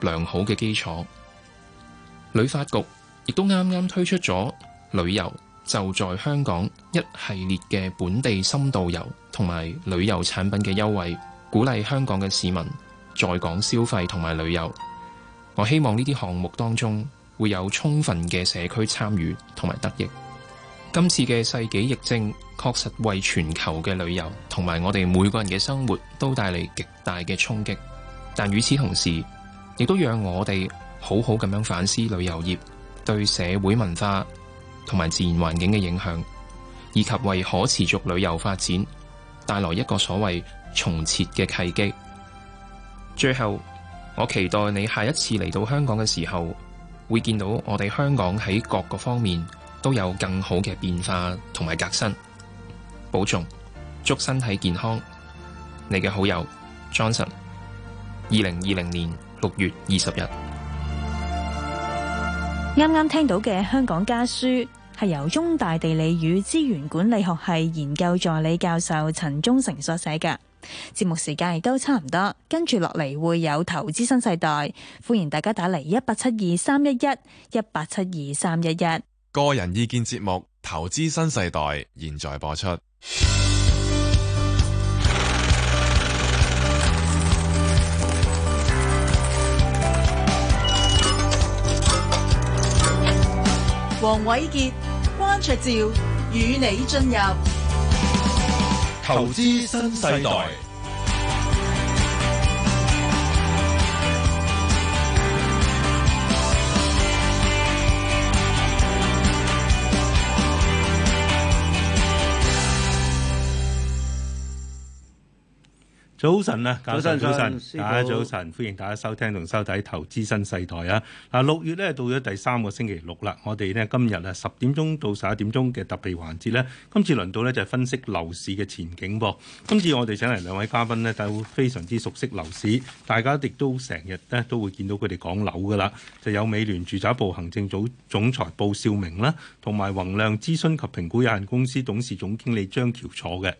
良好嘅基礎，旅發局亦都啱啱推出咗旅遊就在香港一系列嘅本地深度遊同埋旅遊產品嘅優惠，鼓勵香港嘅市民在港消費同埋旅遊。我希望呢啲項目當中會有充分嘅社區參與同埋得益。今次嘅世紀疫症確實為全球嘅旅遊同埋我哋每個人嘅生活都帶嚟極大嘅衝擊，但與此同時，亦都讓我哋好好咁樣反思旅遊業對社會文化同埋自然環境嘅影響，以及為可持續旅遊發展帶來一個所謂重設嘅契機。最後，我期待你下一次嚟到香港嘅時候，會見到我哋香港喺各個方面都有更好嘅變化同埋革新。保重，祝身體健康。你嘅好友 Johnson，二零二零年。六月二十日，啱啱聽到嘅香港家書係由中大地理與資源管理學系研究助理教授陳忠成所寫嘅。節目時間亦都差唔多，跟住落嚟會有投資新世代，歡迎大家打嚟一八七二三一一一八七二三一一。個人意見節目《投資新世代》現在播出。黃瑋傑、關焯照與你進入投資新世代。早晨啊，早晨，早晨，大家早晨，歡迎大家收聽同收睇投資新世代。啊！嗱，六月咧到咗第三個星期六啦，我哋呢，今日啊十點鐘到十一點鐘嘅特別環節呢，今次輪到呢，就分析樓市嘅前景噃。今次我哋請嚟兩位嘉賓咧，都非常之熟悉樓市，大家亦都成日呢都會見到佢哋講樓噶啦，就有美聯住宅部行政總總裁布少明啦，同埋宏亮諮詢及評估有限公司董事總經理張橋楚嘅。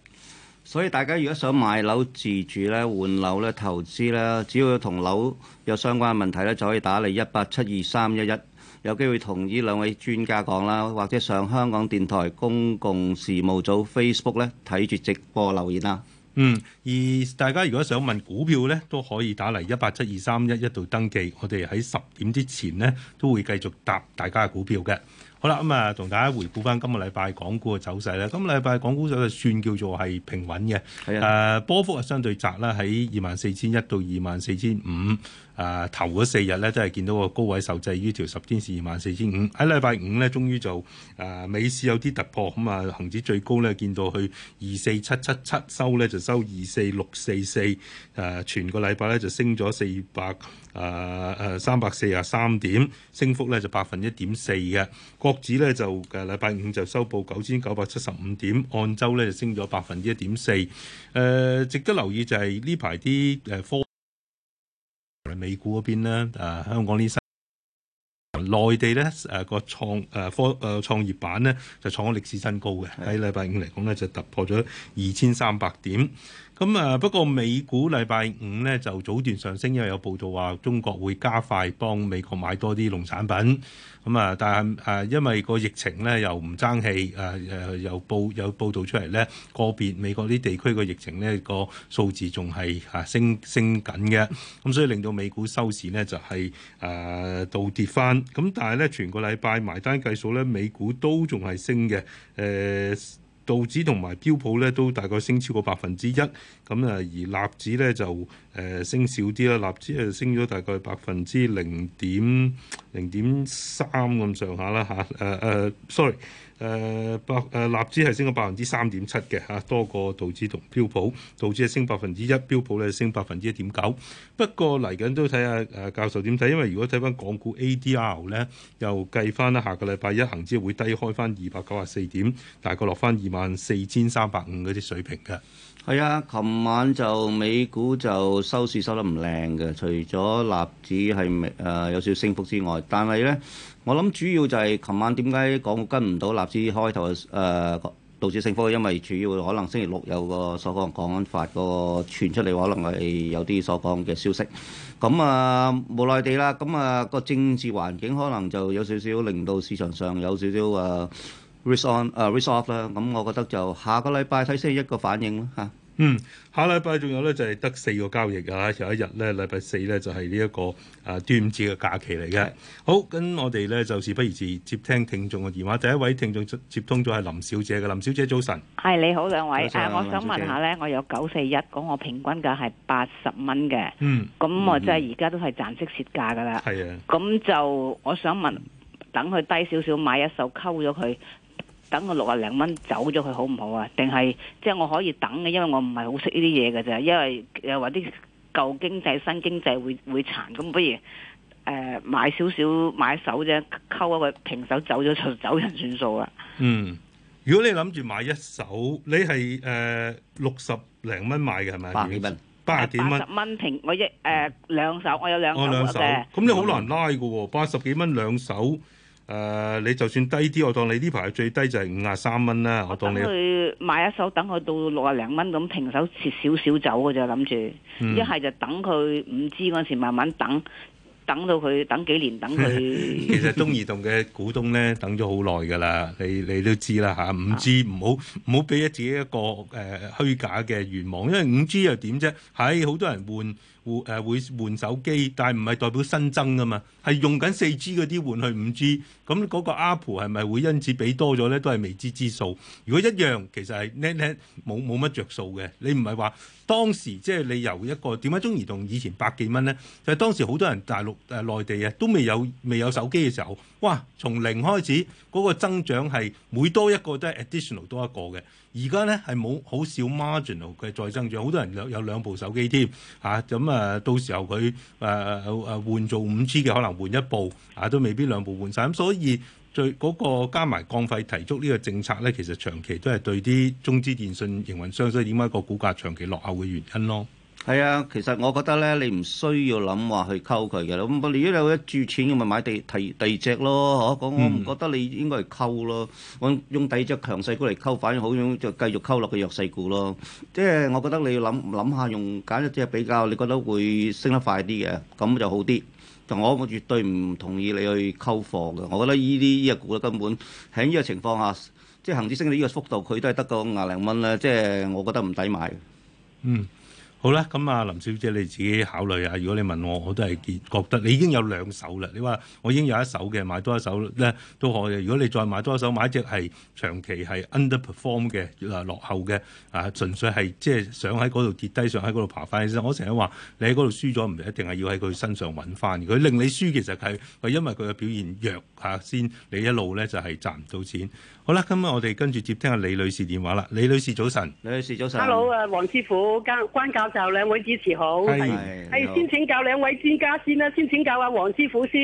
所以大家如果想買樓自住咧、換樓咧、投資咧，只要同樓有相關嘅問題咧，就可以打嚟一八七二三一一，有機會同呢兩位專家講啦，或者上香港電台公共事務組 Facebook 咧睇住直播留言啦。嗯。而大家如果想問股票咧，都可以打嚟一八七二三一一度登記，我哋喺十點之前呢，都會繼續答大家嘅股票嘅。好啦，咁、嗯、啊，同大家回顧翻今個禮拜港股嘅走勢啦。今個禮拜港股走勢算叫做係平穩嘅，誒的、呃、波幅啊相對窄啦，喺二萬四千一到二萬四千五。誒、啊、頭嗰四日咧，都係見到個高位受制於條十天線，二萬四千五。喺禮拜五咧，終於就誒、啊、美市有啲突破，咁、嗯、啊恒指最高咧見到去二四七七七，收咧就收二四六四四。誒全個禮拜咧就升咗四百誒誒三百四啊三點，升幅咧就百分一點四嘅。國指咧就誒禮拜五就收報九千九百七十五點，按周咧就升咗百分之一點四。誒、啊、值得留意就係呢排啲誒科。美股嗰邊咧，誒、啊、香港呢三，內地咧誒個創誒科誒創業板咧就創咗歷史新高嘅，喺禮拜五嚟講咧就突破咗二千三百點。咁啊、嗯，不過美股禮拜五咧就早段上升，因為有報道話中國會加快幫美國買多啲農產品。咁、嗯、啊，但係啊、呃，因為個疫情咧又唔爭氣，啊、呃、誒又報有報道出嚟咧，個別美國啲地區個疫情咧個數字仲係啊升升緊嘅。咁、嗯、所以令到美股收市咧就係誒倒跌翻。咁但係咧，全個禮拜埋單計數咧，美股都仲係升嘅。誒、呃。道指同埋標普咧都大概升超過百分之一，咁啊而納指咧就誒、呃、升少啲啦，納指誒升咗大概百分之零點零點三咁上下啦吓誒誒，sorry。誒百誒納指係升咗百分之三點七嘅嚇，多過道指同標普，道指係升百分之一，標普咧升百分之一點九。不過嚟緊都睇下誒教授點睇，因為如果睇翻港股 ADR 咧，又計翻啦，下個禮拜一恆指會低開翻二百九十四點，大概落翻二萬四千三百五嗰啲水平嘅。係啊，琴晚就美股就收市收得唔靚嘅，除咗納指係誒、呃、有少少升幅之外，但係咧。我諗主要就係琴晚點解講跟唔到納指開頭誒道指升幅？因為主要可能星期六有個所講《港安法》個傳出嚟，可能係有啲所講嘅消息。咁啊無奈地啦，咁啊個政治環境可能就有少少令到市場上有少少誒 risk on 誒 risk off 啦。咁我覺得就下個禮拜睇星期一個反應啦嚇。嗯，下禮拜仲有咧，就係、是、得四個交易、就是這個、啊！有一日咧，禮拜四咧就係呢一個啊端午節嘅假期嚟嘅。好，咁我哋咧就事、是、不宜遲，接聽聽眾嘅電話。第一位聽眾接通咗係林小姐嘅。林小姐早晨，係你好兩位。誒上、啊，我想問下咧，我有九四一，嗰個平均價係八十蚊嘅。嗯。咁我即係而家都係暫時蝕價噶啦。係啊的。咁就我想問，等佢低少少買一手溝咗佢。等我六啊零蚊走咗佢好唔好啊？定係即係我可以等嘅，因為我唔係好識呢啲嘢嘅咋。因為又話啲舊經濟、新經濟會會殘，咁不如誒、呃、買少少買手啫，溝一個平手走咗就走人算數啦。嗯，如果你諗住買一手，你係誒六十零蚊買嘅係咪？八幾蚊？八啊幾蚊？十蚊元平我一誒、呃、兩手，我有兩手，咁你好難拉㗎喎，八十幾蚊兩手。嗯誒，uh, 你就算低啲，我當你呢排最低就係五十三蚊啦。我，當你我等佢買一手，等佢到六廿零蚊咁停手切小小，切少少走嘅就諗住，一係、嗯、就等佢五 G 嗰陣時慢慢等，等到佢等幾年等佢。 其實中移動嘅股東咧等咗好耐㗎啦，你你都知啦嚇。五 G 唔好唔好俾自己一個誒、呃、虛假嘅願望，因為五 G 又點啫？喺、哎、好多人換。會誒會換手機，但係唔係代表新增噶嘛？係用緊四 G 嗰啲換去五 G，咁嗰個 Apple 係咪會因此俾多咗咧？都係未知之數。如果一樣，其實係你你冇冇乜着數嘅。你唔係話當時即係、就是、你由一個點解中移動以前百幾蚊咧？就係、是、當時好多人大陸誒內地啊，都未有未有手機嘅時候。哇！從零開始，嗰個增長係每多一個都係 additional 多一個嘅。而家咧係冇好少 marginal 嘅再增長，好多人有有兩部手機添嚇。咁啊，啊，到時候佢誒誒換做五 G 嘅，可能換一部啊，都未必兩部換晒。咁所以最嗰個加埋降費提速呢個政策咧，其實長期都係對啲中資電信營運商，所以點解個股價長期落後嘅原因咯？係啊，其實我覺得咧，你唔需要諗話去溝佢嘅。咁我如果你有一注錢，咁咪買地第第二隻咯，嗬、啊？咁我唔覺得你應該係溝咯。嗯、我用第二隻強勢股嚟溝，反而好，就繼續溝落個弱勢股咯。即、就、係、是、我覺得你要諗諗下，用揀一隻比較，你覺得會升得快啲嘅，咁就好啲。但係我絕對唔同意你去溝貨嘅。我覺得呢啲呢個股咧根本喺呢個情況下，即係恒指升到呢個幅度，佢都係得個廿零蚊啦。即、就、係、是、我覺得唔抵買。嗯。好啦，咁啊，林小姐你自己考慮啊。如果你問我，我都係見覺得你已經有兩手啦。你話我已經有一手嘅買多一手咧，都可以。如果你再買多一手，買一隻係長期係 underperform 嘅落後嘅啊，純粹係即係想喺嗰度跌低，想喺嗰度爬翻。其實我成日話你喺嗰度輸咗，唔一定係要喺佢身上揾翻。佢令你輸其實係係因為佢嘅表現弱嚇、啊、先，你一路咧就係、是、賺唔到錢。好啦，今日我哋跟住接聽阿李女士電話啦。李女士早晨，李女士早晨。Hello，誒，黃師傅、關關教授兩位主持好，係係是。先請教兩位專家先啦、啊，先請教阿黃師傅先。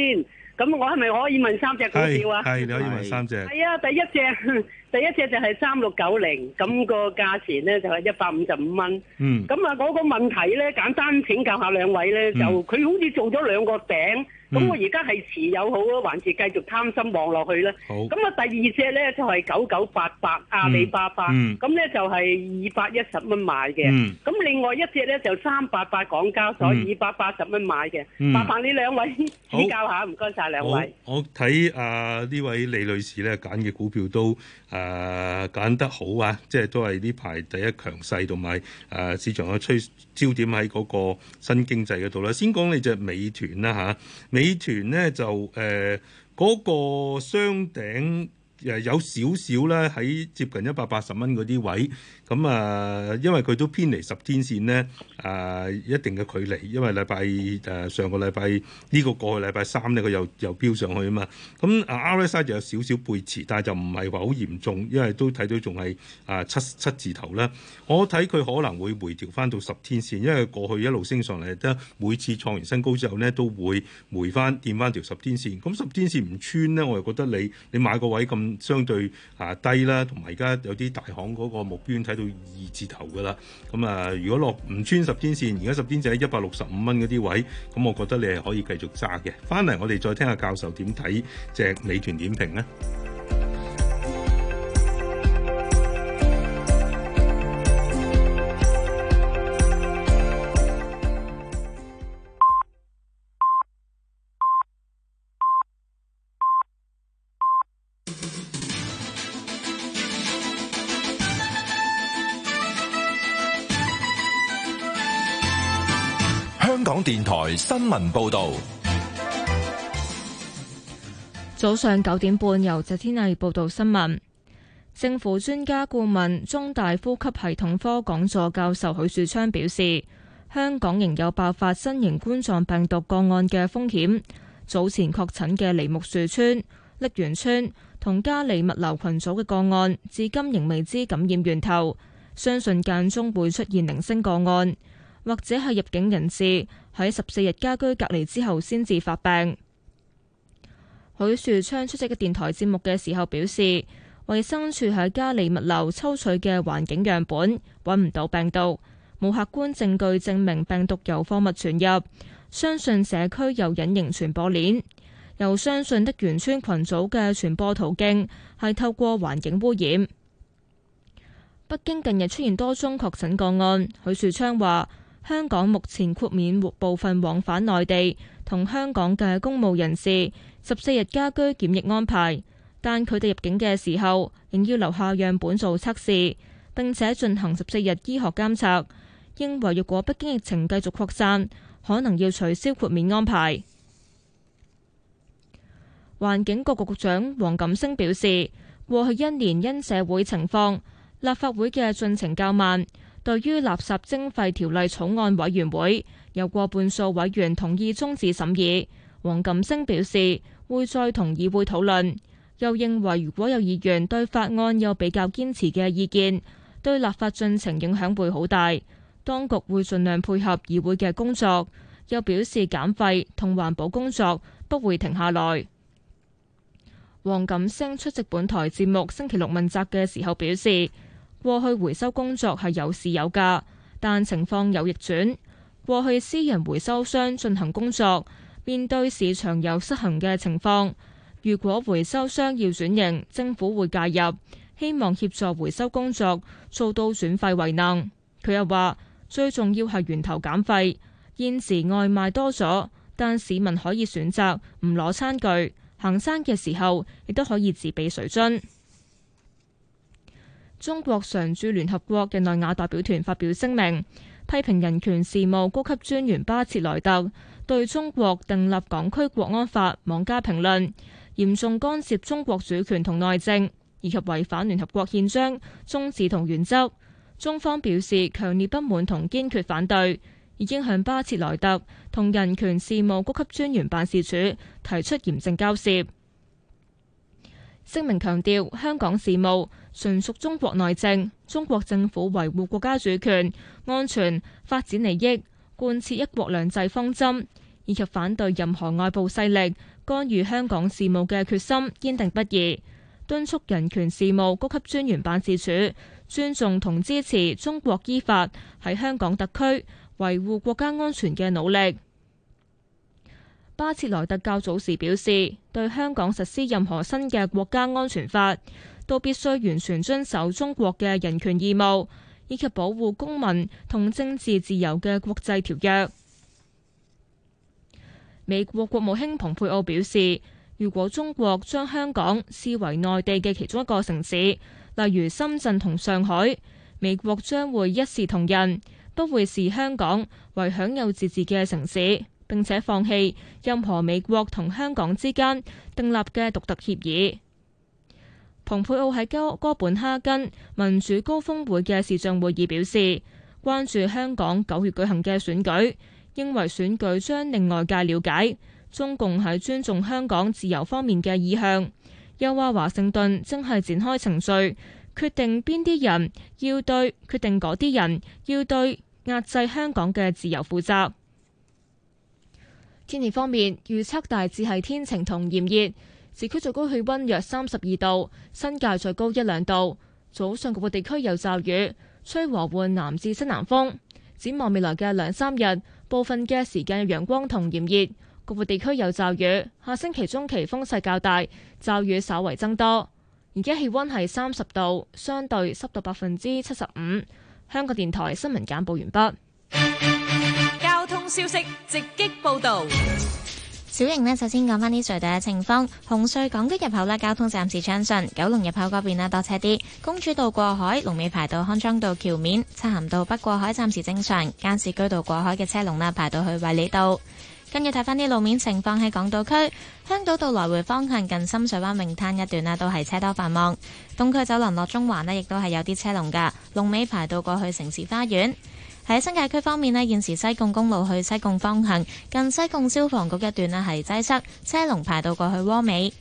咁我係咪可以問三隻股票啊？係，你可以問三隻。係啊，第一隻。 第一隻就係三六九零，咁個價錢咧就係一百五十五蚊。嗯。咁啊，嗰個問題咧，簡單請教下兩位咧，就佢好似做咗兩個頂，咁我而家係持有好啊，還是繼續貪心望落去咧？好。咁啊，第二隻咧就係九九八八、阿里巴巴，咁咧就係二百一十蚊買嘅。嗯。咁另外一隻咧就三百八港交所二百八十蚊買嘅。嗯。麻煩你，呢兩位指教下，唔該曬兩位。我睇啊呢位李女士咧揀嘅股票都誒揀、啊、得好啊！即係都係呢排第一強勢，同埋誒市場嘅趨焦點喺嗰個新經濟嗰度啦。先講你隻美團啦、啊、嚇，美團咧就誒嗰、呃那個雙頂。誒有少少咧喺接近一百八十蚊嗰啲位，咁、嗯、啊，因為佢都偏離十天線咧，啊、呃、一定嘅距離，因為禮拜誒上個禮拜呢個過去禮拜三咧，佢又又飆上去啊嘛。咁啊 RSI 就有少少背馳，但係就唔係話好嚴重，因為都睇到仲係啊七七字頭啦。我睇佢可能會回調翻到十天線，因為過去一路升上嚟，得每次創完新高之後咧，都會回翻墊翻條十天線，咁、嗯、十天線唔穿咧，我又覺得你你買個位咁。相對啊低啦，同埋而家有啲大行嗰個目標已經睇到二字頭㗎喇。咁啊，如果落唔穿十天線，而家十天就喺一百六十五蚊嗰啲位，咁我覺得你係可以繼續揸嘅。返嚟我哋再聽下教授點睇隻美團點評咧。電台新聞報道，早上九點半由謝天麗報道新聞。政府專家顧問、中大呼吸系統科講座教授許樹昌表示，香港仍有爆發新型冠狀病毒個案嘅風險。早前確診嘅梨木樹村、瀝源村同嘉里物流群組嘅個案，至今仍未知感染源頭，相信間中會出現零星個案。或者係入境人士喺十四日家居隔離之後先至發病。許樹昌出席嘅電台節目嘅時候表示，衛生署喺嘉里物流抽取嘅環境樣本揾唔到病毒，冇客觀證據證明病毒由貨物傳入，相信社區有隱形傳播鏈，又相信的原村群組嘅傳播途徑係透過環境污染。北京近日出現多宗確診個案，許樹昌話。香港目前豁免部分往返內地同香港嘅公務人士十四日家居檢疫安排，但佢哋入境嘅時候仍要留下樣本做測試，並且進行十四日醫學監測。認為若果北京疫情繼續擴散，可能要取消豁免安排。環境局局長黃錦星表示：過去一年因社會情況立法會嘅進程較慢。對於垃圾徵費條例草案，委員會有過半數委員同意終止審議。黃錦星表示會再同議會討論，又認為如果有議員對法案有比較堅持嘅意見，對立法進程影響會好大。當局會盡量配合議會嘅工作。又表示減廢同環保工作不會停下來。黃錦星出席本台節目星期六問責嘅時候表示。過去回收工作係有市有價，但情況有逆轉。過去私人回收商進行工作，面對市場有失衡嘅情況。如果回收商要轉型，政府會介入，希望協助回收工作做到轉廢為能。佢又話，最重要係源頭減廢。現時外賣多咗，但市民可以選擇唔攞餐具，行山嘅時候亦都可以自備水樽。中國常駐聯合國嘅內瓦代表團發表聲明，批評人權事務高級專員巴切萊特對中國訂立港區國安法妄加評論，嚴重干涉中國主權同內政，以及違反聯合國憲章宗旨同原則。中方表示強烈不滿同堅決反對，已經向巴切萊特同人權事務高級專員辦事處提出嚴正交涉。聲明強調香港事務純屬中國內政，中國政府維護國家主權、安全、發展利益，貫徹一國兩制方針，以及反對任何外部勢力干預香港事務嘅決心堅定不移。敦促人權事務高級專員辦事處尊重同支持中國依法喺香港特區維護國家安全嘅努力。巴切萊特較早時表示，對香港實施任何新嘅國家安全法，都必須完全遵守中國嘅人權義務，以及保護公民同政治自由嘅國際條約。美國國務卿蓬佩奧表示，如果中國將香港視為內地嘅其中一個城市，例如深圳同上海，美國將會一視同仁，不會視香港為享有自治嘅城市。並且放棄任何美國同香港之間訂立嘅獨特協議。蓬佩奧喺哥哥本哈根民主高峰會嘅視像會議表示，關注香港九月舉行嘅選舉，認為選舉將令外界了解中共喺尊重香港自由方面嘅意向。又話華盛頓正係展開程序，決定邊啲人要對決定嗰啲人要對壓制香港嘅自由負責。天氣方面，預測大致係天晴同炎熱，市區最高氣溫約三十二度，新界再高一兩度。早上各個地區有驟雨，吹和緩南至西南風。展望未來嘅兩三日，部分嘅時間有陽光同炎熱，各個地區有驟雨。下星期中期風勢較大，驟雨稍為增多。而家氣溫係三十度，相對濕度百分之七十五。香港電台新聞簡報完畢。消息直擊報道，小瑩呢，首先講翻啲隧道嘅情況。紅隧港島入口咧，交通暫時暢順；九龍入口嗰邊呢，多車啲。公主道過海龍尾排到康莊道橋面，漆咸道北過海暫時正常。堅市居道過海嘅車龍呢，排到去衛理道。跟住睇翻啲路面情況，喺港島區，香島道來回方向近深水灣泳灘一段呢，都係車多繁忙。東區走廊落中環呢，亦都係有啲車龍㗎，龍尾排到過去城市花園。喺新界區方面呢，現時西貢公路去西貢方向，近西貢消防局一段呢，係擠塞，車龍排到過去窩美。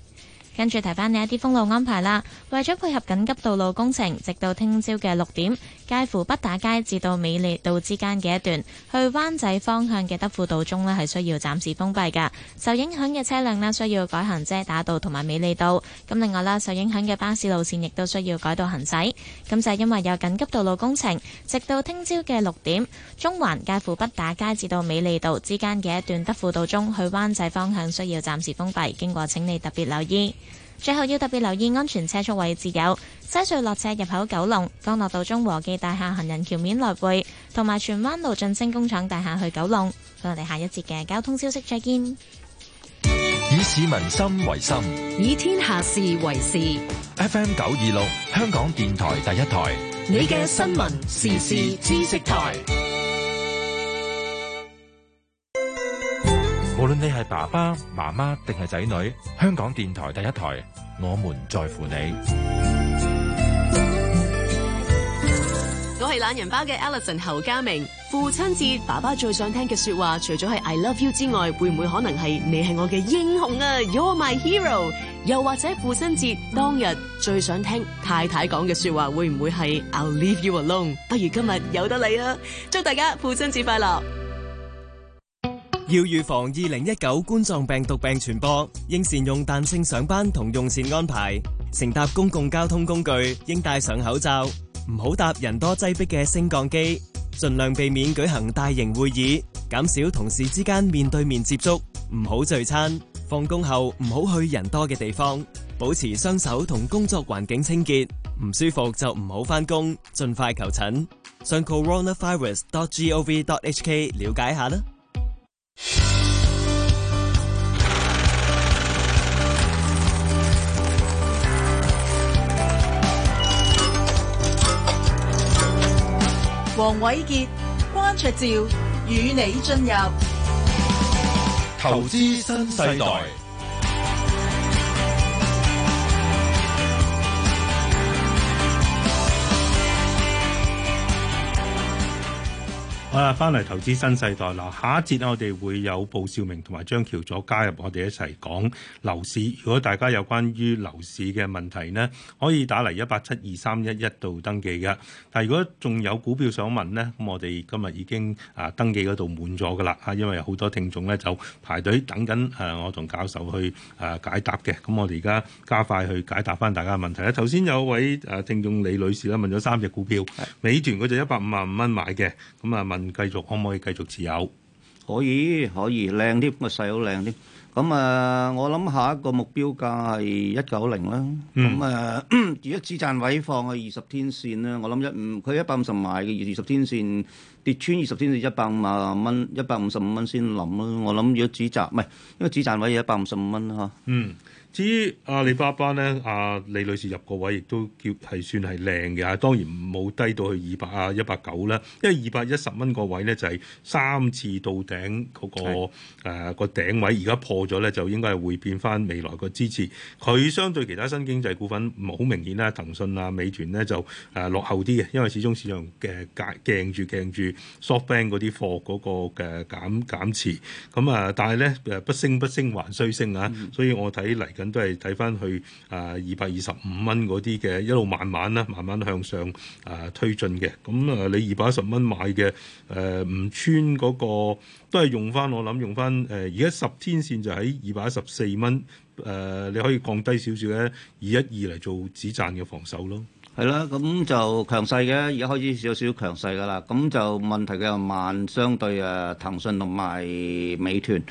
跟住提翻你一啲封路安排啦。為咗配合緊急道路工程，直到聽朝嘅六點，介乎北打街至到美利道之間嘅一段去灣仔方向嘅德輔道中咧，係需要暫時封閉嘅。受影響嘅車輛咧，需要改行遮打道同埋美利道。咁另外啦，受影響嘅巴士路綫亦都需要改道行駛。咁就係、是、因為有緊急道路工程，直到聽朝嘅六點，中環介乎北打街至到美利道之間嘅一段德輔道中去灣仔方向需要暫時封閉，經過請你特別留意。最後要特別留意安全車速位置，有西隧落斜入口、九龍江樂道中和記大廈行人橋面來回，同埋荃灣路振升工廠大廈去九龍。我哋下一節嘅交通消息再見。以市民心為心，以天下事為事。FM 九二六香港電台第一台，你嘅新聞時事知識台。無論你係爸爸媽媽定係仔女，香港電台第一台我們在乎你。我係懶人包嘅 Alison 侯家明。父親節，爸爸最想聽嘅說話，除咗係 I love you 之外，會唔會可能係你係我嘅英雄啊？You're my hero。又或者父親節當日最想聽太太講嘅說話，會唔會係 I'll leave you alone？不如今日有得你啊！祝大家父親節快樂。要預防二零一九冠狀病毒病傳播，應善用彈性上班同用膳安排。乘搭公共交通工具應戴上口罩，唔好搭人多擠迫嘅升降機。盡量避免舉行大型會議，減少同事之間面對面接觸。唔好聚餐，放工後唔好去人多嘅地方，保持雙手同工作環境清潔。唔舒服就唔好返工，盡快求診。上 coronavirus.gov.hk 了解下啦。黃瑋傑、關焯照與你進入投資新世代。啊，翻嚟投資新世代嗱，下一節咧我哋會有報少明同埋張喬佐加入我哋一齊講樓市。如果大家有關於樓市嘅問題咧，可以打嚟一八七二三一一度登記嘅。但係如果仲有股票想問呢，咁我哋今日已經啊登記嗰度滿咗噶啦，嚇，因為有好多聽眾呢就排隊等緊誒我同教授去誒解答嘅。咁我哋而家加快去解答翻大家嘅問題啦。頭先有位誒聽眾李女士咧問咗三隻股票，是美團嗰隻一百五十五蚊買嘅，咁啊問。繼續可唔可以繼續持有？可以可以靚啲，個細佬靚啲。咁、嗯、啊，我諗下一個目標價係一九零啦。咁、嗯、啊、嗯，如果止賺位放去二十天線咧，我諗一五，佢一百五十買嘅二十天線跌穿二十天線一百五啊蚊，一百五十五蚊先諗咯。我諗如果止賺，唔係因為止賺位一百五十五蚊咯。嗯。至於阿里巴巴咧，阿李女士入個位亦都叫係算係靚嘅，當然冇低到去二百啊一百九啦。因為二百一十蚊個位咧就係三次到頂嗰個誒個頂位，而家破咗咧就應該係會變返未來個支持。佢相對其他新經濟股份冇好明顯啦，騰訊啊、美團咧就誒落後啲嘅，因為始終市場嘅鏡住鏡住 SoftBank 嗰啲貨嗰個嘅減減持。咁啊，但係咧誒不升不升還需升啊，所以我睇嚟緊。都係睇翻去啊，二百二十五蚊嗰啲嘅一路慢慢啦，慢慢向上啊、呃、推進嘅。咁、嗯、啊，你二百一十蚊買嘅誒，唔、呃、穿嗰、嗰個都係用翻，我諗用翻誒。而家十天線就喺二百一十四蚊誒，你可以降低少少咧，二一二嚟做止賺嘅防守咯。係啦，咁就強勢嘅，而家開始少少強勢噶啦。咁就問題嘅係慢，相對啊騰訊同埋美團，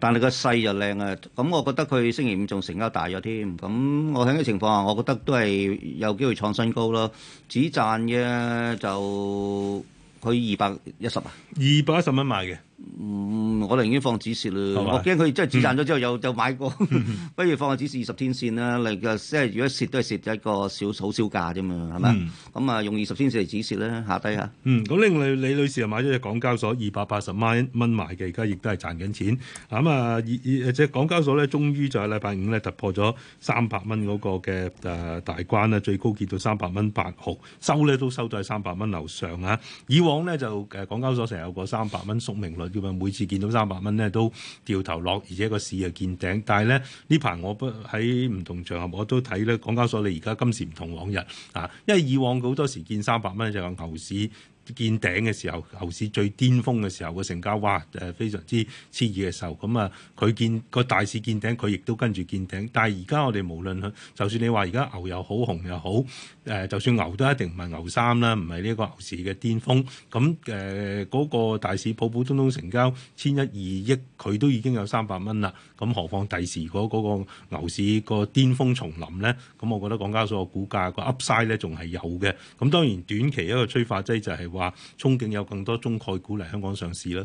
但係個勢又靚啊！咁我覺得佢星期五仲成交大咗添，咁我喺呢個情況下，我覺得都係有機會創新高咯。止賺嘅就佢二百一十啊，二百一十蚊買嘅。嗯，我哋已經放止蝕咯，吧我驚佢即係止賺咗之後又、嗯、就買過， 不如放個止蝕二十天線啦。嚟嘅即係如果蝕都係蝕一個小好少價啫嘛，係嘛？咁啊用二十天線嚟止蝕咧，下低下。嗯，咁另李李女士又買咗隻港交所二百八十蚊蚊買嘅，而家亦都係賺緊錢。咁啊，即係港交所咧，終於就喺禮拜五咧突破咗三百蚊嗰個嘅誒大關啦，最高見到三百蚊八毫，收咧都收喺三百蚊樓上啊。以往咧就誒港交所成日有個三百蚊宿命率。叫話每次見到三百蚊咧，都掉頭落，而且個市又見頂。但係咧呢排我喺唔同場合我都睇咧，港交所你而家今時唔同往日啊，因為以往好多時見三百蚊就係牛市，見頂嘅時候，牛市最巔峰嘅時候嘅成交，哇！誒、呃，非常之熾熱嘅時候，咁、嗯、啊，佢見個大市見頂，佢亦都跟住見頂。但係而家我哋無論，就算你話而家牛又好，熊又好，誒、呃，就算牛都一定唔係牛三啦，唔係呢個牛市嘅巔峰。咁、嗯、誒，嗰、呃那個大市普普通通成交千一二億，佢都已經有三百蚊啦。咁、嗯、何況第時嗰、那個那個牛市個巔峰重臨咧？咁、嗯、我覺得港交所個股價、那個 Upside 咧，仲係有嘅。咁當然短期一個催化劑就係、是。話憧憬有更多中概股嚟香港上市啦，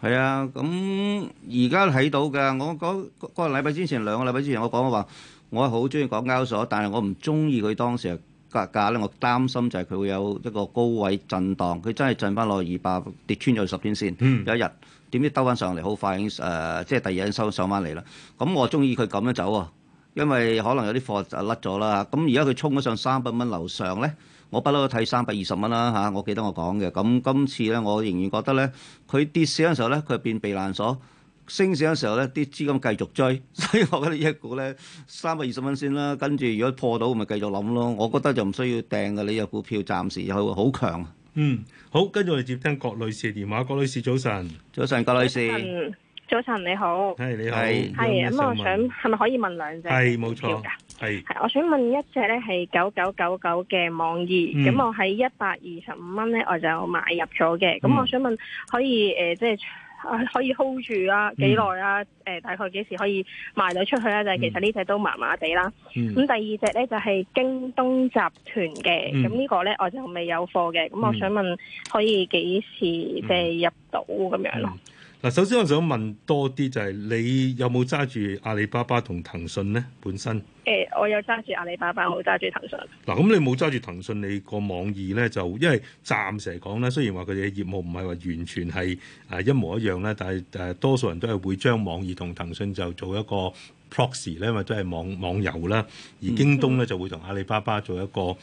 係啊，咁而家睇到嘅，我嗰、嗰個禮拜之前兩個禮拜之前，我講過話我好中意港交所，但係我唔中意佢當時嘅價格咧。我擔心就係佢會有一個高位震盪，佢真係震翻落二百，跌穿咗十天線。嗯、有一日點知兜翻上嚟，好快已經誒，即係第二日收上翻嚟啦。咁、嗯、我中意佢咁樣走啊，因為可能有啲貨就甩咗啦。咁而家佢衝咗上三百蚊樓上咧。我不嬲都睇三百二十蚊啦嚇，我記得我講嘅。咁、啊、今次咧，我仍然覺得咧，佢跌市嘅時候咧，佢變避難所；升市嘅時候咧，啲資金繼續追。所以我覺得一股呢一個咧，三百二十蚊先啦。跟住如果破到，咪繼續諗咯。我覺得就唔需要掟嘅。你、這、有、個、股票暫時又好強。嗯，好，跟住我哋接聽郭女士電話。郭女士早晨。早晨，郭女士。早晨你好，係你好，係咁我想係咪可以問兩隻係冇錯噶？係係，我想問一隻咧係九九九九嘅網易，咁我喺一百二十五蚊咧我就買入咗嘅，咁我想問可以誒即係可以 hold 住啊？幾耐啊？誒，大概幾時可以賣到出去啊？就係其實呢隻都麻麻地啦。咁第二隻咧就係京東集團嘅，咁呢個咧我就未有貨嘅，咁我想問可以幾時即係入到咁樣咯？嗱，首先我想問多啲就係、是、你有冇揸住阿里巴巴同騰訊咧？本身誒、欸，我有揸住阿里巴巴，冇揸住騰訊。嗱，咁你冇揸住騰訊，你個網易咧就因為暫時嚟講咧，雖然話佢哋嘅業務唔係話完全係誒一模一樣咧，但係誒多數人都係會將網易同騰訊就做一個 proxy 咧，因為都係網遊啦。而京東咧就會同阿里巴巴做一個誒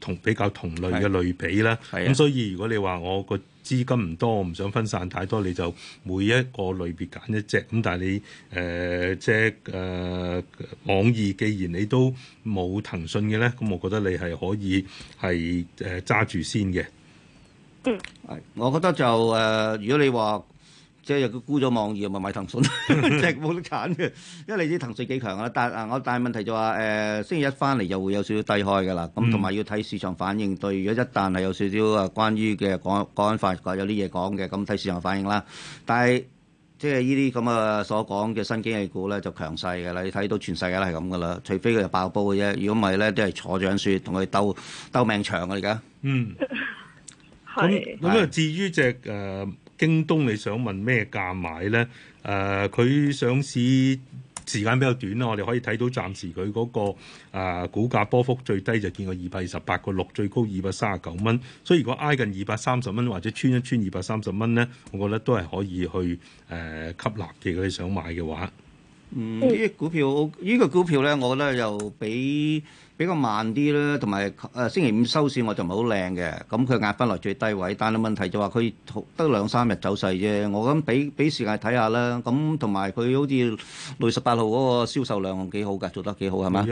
同、呃、比較同類嘅類比啦。咁所以如果你話我個資金唔多，我唔想分散太多，你就每一個類別揀一隻。咁但係你誒、呃、即係誒網易，既然你都冇騰訊嘅咧，咁我覺得你係可以係誒揸住先嘅。嗯，係，我覺得就誒、呃，如果你話。即係佢沽咗網易咪買騰訊，即係冇得慘嘅。因為你知騰訊幾強啦，但係我但係問題就話、是、誒、欸，星期一翻嚟就會有少少低開嘅啦。咁同埋要睇市場反應。對，如果一旦係有少少啊，關於嘅國安法有，有啲嘢講嘅，咁睇市場反應啦。但係即係呢啲咁嘅所講嘅新經濟股咧，就強勢嘅啦。你睇到全世界都係咁嘅啦，除非佢就爆煲嘅啫。如果唔係咧，都係坐著雪，同佢鬥鬥命長嘅而家。嗯，咁咁 是啊，至於只誒。京東你想問咩價買咧？誒、呃，佢上市時間比較短咯，我哋可以睇到暫、那個，暫時佢嗰個股價波幅最低就見過二百二十八個六，最高二百三十九蚊。所以如果挨近二百三十蚊或者穿一穿二百三十蚊咧，我覺得都係可以去誒、呃、吸納嘅。如果你想買嘅話。嗯，呢個股票，呢個股票咧，我覺得又比比較慢啲啦，同埋誒星期五收市我就唔係好靚嘅，咁佢壓翻落最低位。但係問題就話佢得兩三日走勢啫，我咁俾俾時間睇下啦。咁同埋佢好似六月十八號嗰個銷售量幾好㗎，做得幾好係嘛？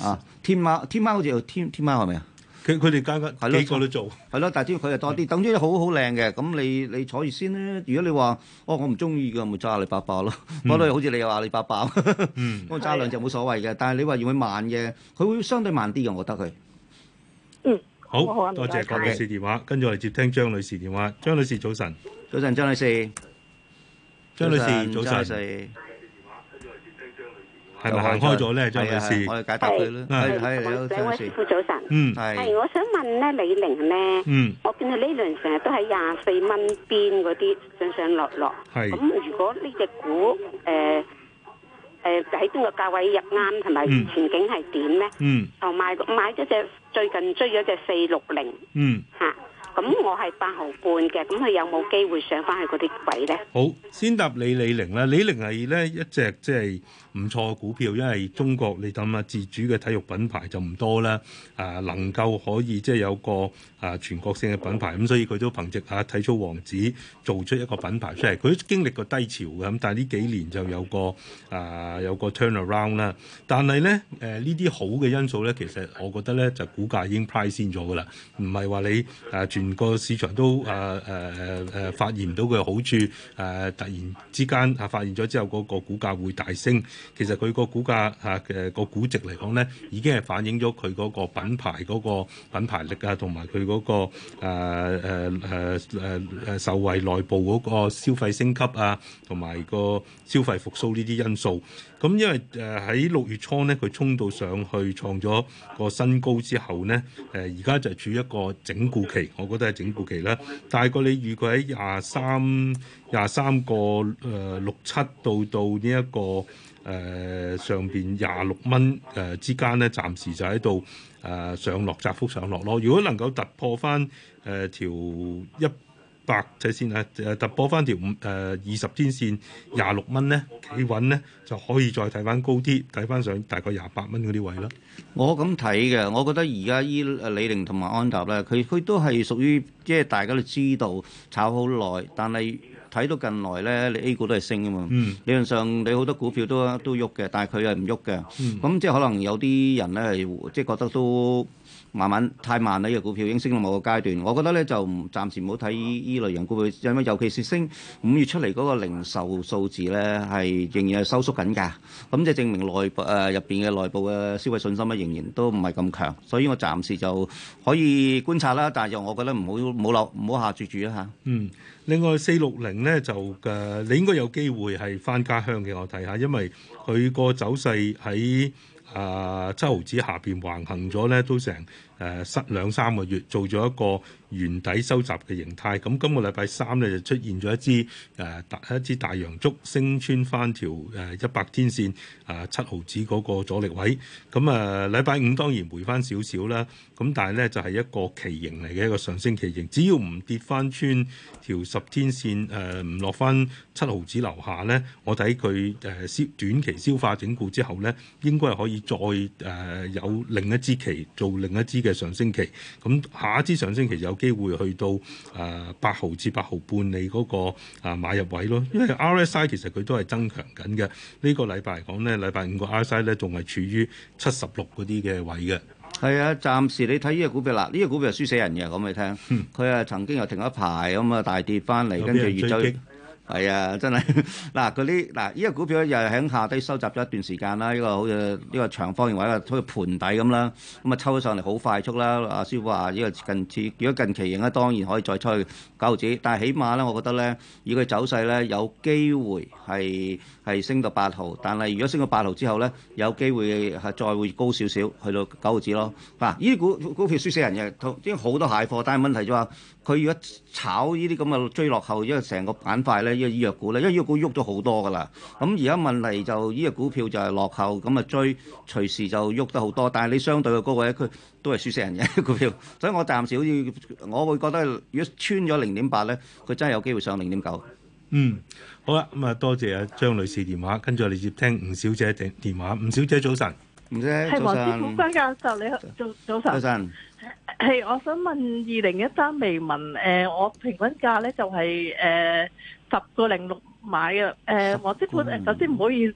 啊！天貓，天貓好似有天天貓係咪啊？佢佢哋間間幾個都做，係咯，但係只要佢就多啲，等於好好靚嘅。咁你你坐住先啦。如果你話哦，我唔中意嘅，咪揸阿里巴巴咯。我覺得好似你又阿里巴巴，我揸兩隻冇所謂嘅。但係你話要佢慢嘅，佢會相對慢啲嘅。我覺得佢嗯好，多謝郭女士電話，跟住我哋接聽張女士電話。張女士早晨，早晨張女士，張女士早晨。係咪行開咗咧？就係我哋解答佢咧。係兩位師傅早晨。嗯，係。係，我想問咧，李寧咧，嗯，我見到呢輪成日都喺廿四蚊邊嗰啲上上落落。係咁，如果呢隻股誒誒喺邊個價位入啱，同埋前景係點咧？嗯，同埋買咗隻最近追咗隻四六零。嗯，嚇咁我係八毫半嘅，咁佢有冇機會上翻去嗰啲位咧？好，先答李李寧啦。李寧係咧一隻即係。唔錯嘅股票，因為中國你諗下，自主嘅體育品牌就唔多啦。啊，能夠可以即係、就是、有個啊全國性嘅品牌，咁所以佢都憑藉啊體操王子做出一個品牌出嚟。佢、就是、經歷過低潮嘅，咁但係呢幾年就有個啊有個 turnaround 啦。但係咧誒呢啲、啊、好嘅因素咧，其實我覺得咧就是、股價已經 price 先咗噶啦，唔係話你啊全個市場都啊誒誒、啊啊、發現唔到佢嘅好處誒、啊、突然之間啊發現咗之後嗰、那個股價會大升。其實佢個股價嚇嘅個估值嚟講咧，已經係反映咗佢嗰個品牌嗰個品牌力啊，同埋佢嗰個誒誒誒誒受惠內部嗰個消費升級啊，同埋個消費復甦呢啲因素。咁、嗯、因為誒喺六月初咧，佢衝到上去創咗個新高之後咧，誒而家就處於一個整固期，我覺得係整固期啦。大概你預佢喺廿三廿三個誒六七到到呢一個。呃 6, 7, 誒、呃、上邊廿六蚊誒之間咧，暫時就喺度誒上落窄幅上落咯。如果能夠突破翻誒、呃、條一百睇線啊，誒突破翻條五誒二十天線廿六蚊咧，企穩咧就可以再睇翻高啲，睇翻上大概廿八蚊嗰啲位咯。我咁睇嘅，我覺得而家依誒李寧同埋安踏咧，佢佢都係屬於即係、就是、大家都知道炒好耐，但係。睇到近來咧，你 A 股都係升㗎嘛。嗯、理論上你好多股票都都喐嘅，但係佢係唔喐嘅。咁、嗯、即係可能有啲人咧係即係覺得都。慢慢太慢啦！依、這個股票已經升到某個階段，我覺得咧就暫時唔好睇依依類型股票，因為尤其是升五月出嚟嗰個零售數字咧，係仍然係收縮緊㗎。咁就證明內部誒入邊嘅內部嘅消費信心咧，仍然都唔係咁強。所以我暫時就可以觀察啦，但係就我覺得唔好冇落冇下注住啊！嚇。嗯，另外四六零咧就誒、呃，你應該有機會係返家鄉嘅，我睇下，因為佢個走勢喺誒七毫子下邊橫行咗咧，都成。誒失兩三個月，做咗一個圓底收集嘅形態。咁今個禮拜三咧就出現咗一支誒大，一支大陽燭，升穿翻條誒一百天線啊，七毫子嗰個阻力位。咁啊禮拜五當然回翻少少啦。咁但係咧就係一個旗形嚟嘅一個上升旗形。只要唔跌翻穿條十天線誒，唔落翻七毫子樓下咧，我睇佢誒消、短期消化整固之後咧，應該係可以再誒有另一支旗做另一支嘅上升期，咁、嗯、下一支上升期有機會去到誒八、呃、毫至八毫半、那個，你嗰個啊買入位咯。因為 RSI 其實佢都係增強緊嘅，這個、禮呢個禮拜嚟講咧，禮拜五個 RSI 咧仲係處於七十六嗰啲嘅位嘅。係啊，暫時你睇呢個股票啦，呢、這、隻、個、股票係輸死人嘅，講俾你聽。佢、嗯、啊曾經又停一排，咁啊大跌翻嚟，跟住越走。係啊，真係嗱，嗰啲嗱，呢個股票又係喺下低收集咗一段時間啦，呢個好似呢個長方形或者好似盤底咁啦，咁、嗯、啊抽咗上嚟好快速啦。阿師傅話呢個近似，如果近期型咧，當然可以再吹九毫子，但係起碼咧，我覺得咧，依佢走勢咧，有機會係係升到八毫，但係如果升到八毫之後咧，有機會係再會高少少，去到九毫子咯。嗱，呢啲股股票輸死人嘅，已經好多蟹貨，但係問題就話。佢如果炒呢啲咁嘅追落後，因為成個板塊咧，因為醫藥股咧，因為醫藥股喐咗好多㗎喇。咁而家問題就呢個股票就係落後，咁啊追隨時就喐得好多。但係你相對嘅個位，佢都係輸死人嘅股票。所以我暫時好似，我會覺得如果穿咗零點八咧，佢真係有機會上零點九。嗯，好啦，咁啊，多謝阿張女士電話，跟住我哋接聽吳小姐電電話。吳小姐早晨，吳姐早晨。係黃師傅、關教授，你早早晨。係，我想問二零一三微文，誒、呃，我平均價咧就係、是、誒、呃、十個零六買嘅，誒、呃，個我即係首先唔好意思，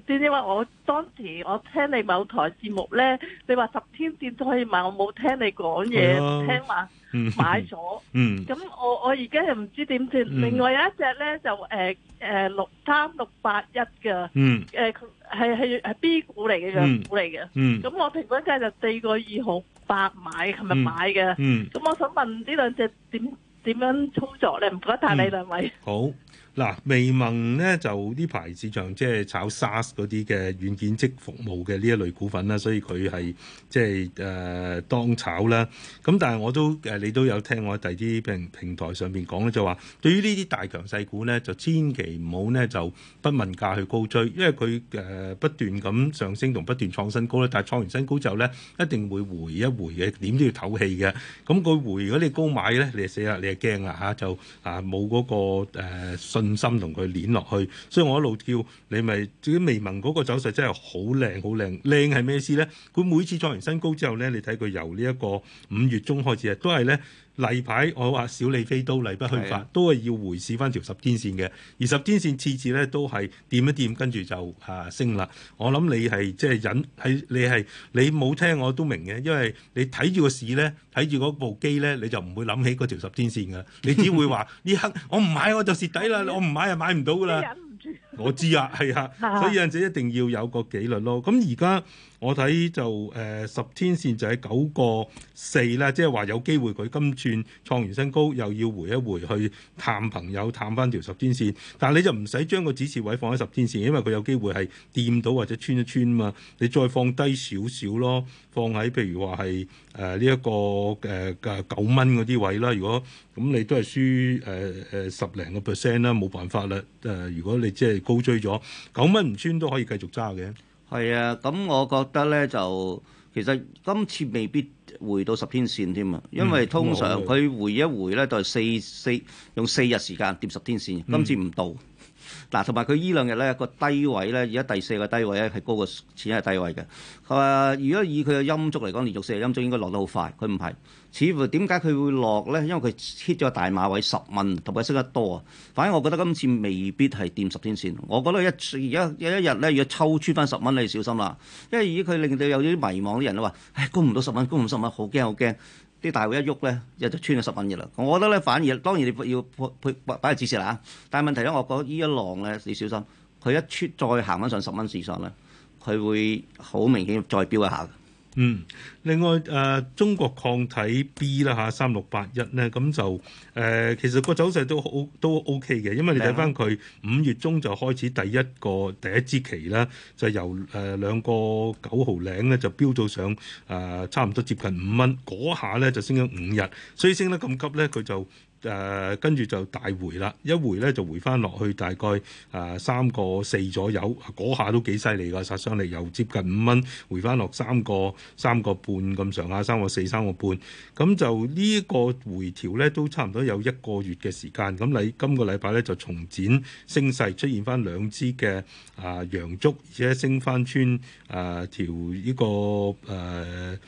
點知話我當時我聽你某台節目咧，你話十天跌都可以買，我冇聽你講嘢、啊、聽話，嗯，買咗， 嗯，咁我我而家又唔知點算。嗯、另外有一隻咧就誒誒、呃呃、六三六八一嘅，嗯，誒。係係係 B 股嚟嘅，樣、嗯、股嚟嘅。咁、嗯、我平均價就四個二毫八買，琴日買嘅。咁、嗯嗯、我想問呢兩隻點點樣操作咧？唔該，答你啦，咪。 好。嗱，微盟咧就呢排市場即係炒 SaaS 嗰啲嘅軟件即服務嘅呢一類股份啦，所以佢係即係誒當炒啦。咁但係我都誒你都有聽我第二啲平平台上邊講咧，就話對於呢啲大強勢股咧，就千祈唔好呢就不問價去高追，因為佢誒不斷咁上升同不斷創新高咧。但係創完新高之後咧，一定會回一回嘅，點都要唞氣嘅。咁佢回如果你高買咧，你就死啦，你就驚啦嚇，就啊冇嗰個、呃、信。信心同佢捻落去，所以我一路叫你咪，至於未聞嗰個走勢真係好靚好靚，靚係咩意思咧？佢每次創完新高之後咧，你睇佢由呢一個五月中開始啊，都係咧。例牌我話小李飛刀例不虛發，的都係要回視翻條十天線嘅。而十天線次次咧都係掂一掂，跟住就啊升啦。我諗你係即係忍喺你係你冇聽我都明嘅，因為你睇住個市咧，睇住嗰部機咧，你就唔會諗起嗰條十天線嘅。你只會話呢 刻我唔買我就蝕底啦， 我唔買啊買唔到㗎啦。忍唔住。 我知啊，係啊，所以有陣時一定要有個紀律咯。咁而家。我睇就誒、呃、十天線就喺九個四啦，即係話有機會佢今次創完新高，又要回一回去探朋友探翻條十天線。但係你就唔使將個指示位放喺十天線，因為佢有機會係掂到或者穿一穿嘛。你再放低少少咯，放喺譬如話係誒呢一個誒誒、呃、九蚊嗰啲位啦。如果咁、嗯、你都係輸誒誒、呃、十零個 percent 啦，冇辦法啦。誒、呃、如果你即係高追咗九蚊唔穿都可以繼續揸嘅。係啊，咁我覺得咧就其實今次未必回到十天線添啊，因為通常佢回一回咧都係四四用四日時間跌十天線，嗯、今次唔到。嗱，同埋佢依兩日咧個低位咧，而家第四個低位咧係高過前日低位嘅。佢話如果以佢嘅陰燭嚟講，連續四日陰燭應該落得好快，佢唔係。似乎點解佢會落咧？因為佢 hit 咗大馬位十蚊，同埋升得多啊。反而我覺得今次未必係掂十天線，我覺得一而家有一日咧如果抽穿翻十蚊，你小心啦，因為而佢令到有啲迷茫啲人都話，唉，攻唔到十蚊，攻唔十蚊，好驚好驚。啲大會一喐咧，又就是、穿咗十蚊嘅啦。我覺得咧，反而當然你要配擺下指示啦嚇。但係問題咧，我覺得呢一浪咧，你小心，佢一穿再行翻上十蚊時上咧，佢會好明顯再飆一下。嗯，另外誒、呃、中國抗體 B 啦嚇三六八一咧，咁就誒、呃、其實個走勢都好都 OK 嘅，因為你睇翻佢五月中就開始第一個第一支旗啦，就由誒、呃、兩個九毫領咧就飆到上誒、呃、差唔多接近五蚊，嗰下咧就升咗五日，所以升得咁急咧佢就。誒跟住就大回啦，一回咧就回翻落去大概誒、呃、三個四左右，嗰下都幾犀利噶殺傷力，又接近五蚊回翻落三個三個半咁上下，三個四三個半，咁就呢個回調咧都差唔多有一個月嘅時間。咁你今個禮拜咧就重展升勢，出現翻兩支嘅啊陽燭，而且升翻穿誒條呢個誒。呃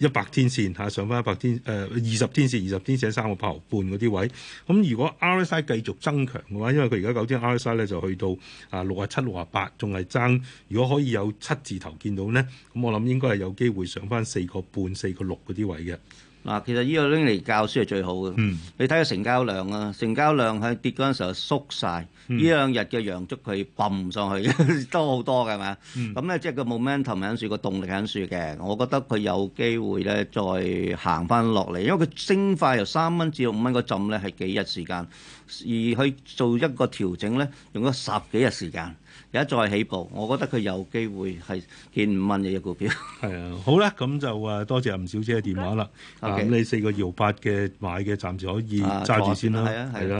一百天線嚇、啊、上翻一百天，誒二十天線二十天線，三個八毫半嗰啲位，咁、嗯、如果 RSI 繼續增強嘅話，因為佢而家九天 RSI 咧就去到啊六啊七六啊八，仲係爭，如果可以有七字頭見到咧，咁、嗯、我諗應該係有機會上翻四個半四個六嗰啲位嘅。嗱，其實呢個拎嚟教書係最好嘅。嗯、你睇個成交量啊，成交量喺跌嗰陣時候縮晒，呢兩日嘅陽燭佢泵上去 多好多嘅係咪啊？咁咧、嗯嗯、即係個 momentum 喺度，個動力喺度嘅。我覺得佢有機會咧再行翻落嚟，因為佢升快由三蚊至到五蚊個浸咧係幾日時間，而去做一個調整咧用咗十幾日時間。而家再起步，我覺得佢有機會係見五蚊嘅一個股票。係啊，好啦，咁就啊多謝吳小姐嘅電話啦。咁 Okay.、啊、你四個搖八嘅買嘅，暫時可以揸住先啦。係啊，係啊。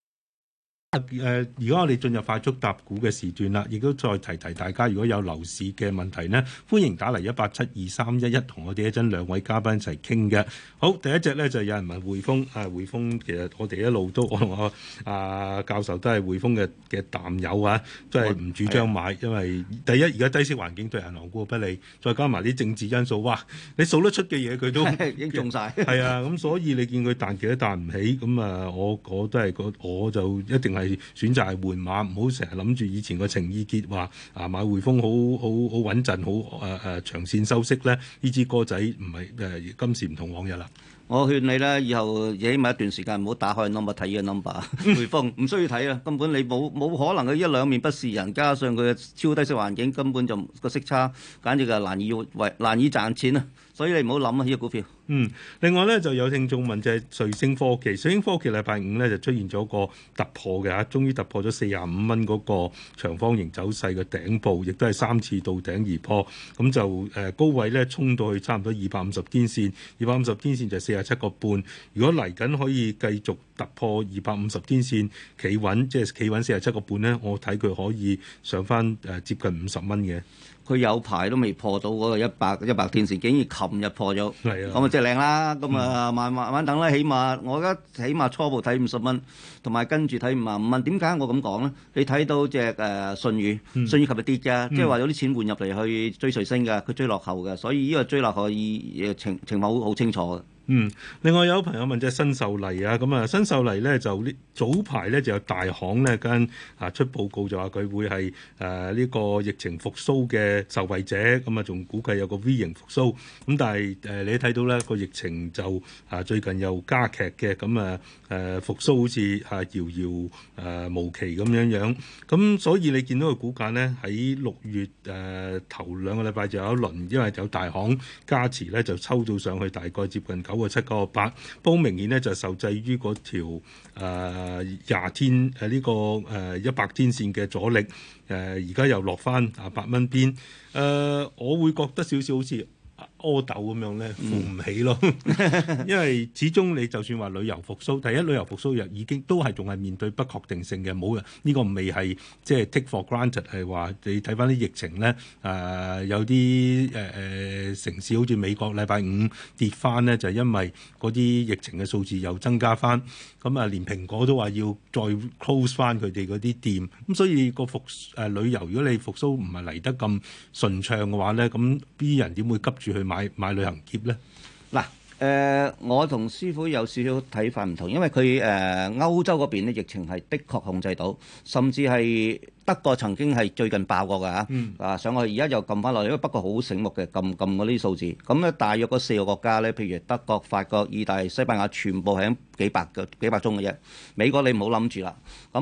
誒、啊，如果我哋進入快速答股嘅時段啦，亦都再提提大家，如果有樓市嘅問題呢，歡迎打嚟，一八七二三一一，同我哋一陣兩位嘉賓一齊傾嘅。好，第一隻呢就是，有人問匯豐，啊匯豐，其實我哋一路都我同我啊教授都係匯豐嘅嘅淡友啊，都係唔主張買，因為第一而家低息環境對銀行股不利，再加埋啲政治因素，哇，你數得出嘅嘢佢都 已經中晒。係啊，咁，嗯、所以你見佢彈極都彈唔起，咁啊，我我，我，我都係我，我，我，我，我，我就一定係。係選擇，係換馬。唔好成日諗住以前個情意結話啊，買匯豐好好好穩陣，好誒誒長線收息咧，呢支歌仔唔係誒，今時唔同往日啦。我勸你咧，以後起碼一段時間唔好打開 number 睇嘅 number，匯豐唔需要睇啦，根本你冇冇可能佢一兩面不是人，加上佢嘅超低息環境，根本就個息差簡直就難以為難以賺錢啊！所以你唔好諗啊！呢個股票。嗯，另外咧就有聽眾問就係瑞星科技，瑞星科技禮拜五咧就出現咗個突破嘅嚇，終於突破咗四十五蚊嗰個長方形走勢嘅頂部，亦都係三次到頂而破。咁就誒高位咧衝到去差唔多二百五十天線，二百五十天線就四十七個半。如果嚟緊可以繼續突破二百五十天線企穩，即係企穩四十七個半咧，我睇佢可以上翻誒接近五十蚊嘅。佢有排都未破到嗰個一百一百天線，竟然琴日破咗，咁啊即係靚啦！咁啊，慢慢慢等啦，嗯、起碼我而家起碼初步睇五十蚊，同埋跟住睇五啊五蚊。點解我咁講咧？你睇到隻誒、呃、信譽，信譽琴日跌㗎，嗯、即係話有啲錢換入嚟去追隨星㗎，佢追落後㗎，所以呢個追落後嘅情情況好好清楚。嗯，另外有朋友問，即係新秀麗啊，咁啊新秀麗咧就早呢早排咧就有大行咧間啊出報告就話，佢會係誒呢個疫情復甦嘅受惠者，咁啊仲估計有個 V 型復甦，咁、嗯、但係誒、呃、你睇到咧個疫情就啊最近又加劇嘅，咁、嗯、啊誒復甦好似啊遙遙誒無期咁樣樣，咁、嗯、所以你見到個股價咧喺六月誒、啊、頭兩個禮拜就有一輪因為有大行加持咧就抽咗上去大概接近九個七個八，不過明顯咧就受制於嗰條誒廿天誒呢個誒一百天線嘅阻力，誒而家又落翻啊八蚊邊，誒、呃、我會覺得少少好似。屙豆咁樣咧，扶唔起咯，因為始終你就算話旅遊復蘇，第一旅遊復蘇又已經都係仲係面對不確定性嘅，冇人呢個未係，即係 take for granted 係話你睇翻啲疫情咧，誒、呃、有啲誒誒城市好似美國禮拜五跌翻咧，就係、是、因為嗰啲疫情嘅數字又增加翻，咁、嗯、啊連蘋果都話要再 close 翻佢哋嗰啲店，咁、嗯、所以個復誒、呃、旅遊如果你復蘇唔係嚟得咁順暢嘅話咧，咁、嗯、啲人點會急住去？買買旅行夾咧？嗱，誒，我同師傅有少少睇法唔同，因為佢誒歐洲嗰邊咧疫情係的確控制到，甚至係德國曾經係最近爆過嘅嚇，啊，上去而家又撳翻落去，不過好醒目嘅撳撳嗰啲數字，咁咧大約個四個國家咧，譬如德國、法國、意大利、西班牙全部係幾百嘅幾百宗嘅啫。美國你唔好諗住啦，咁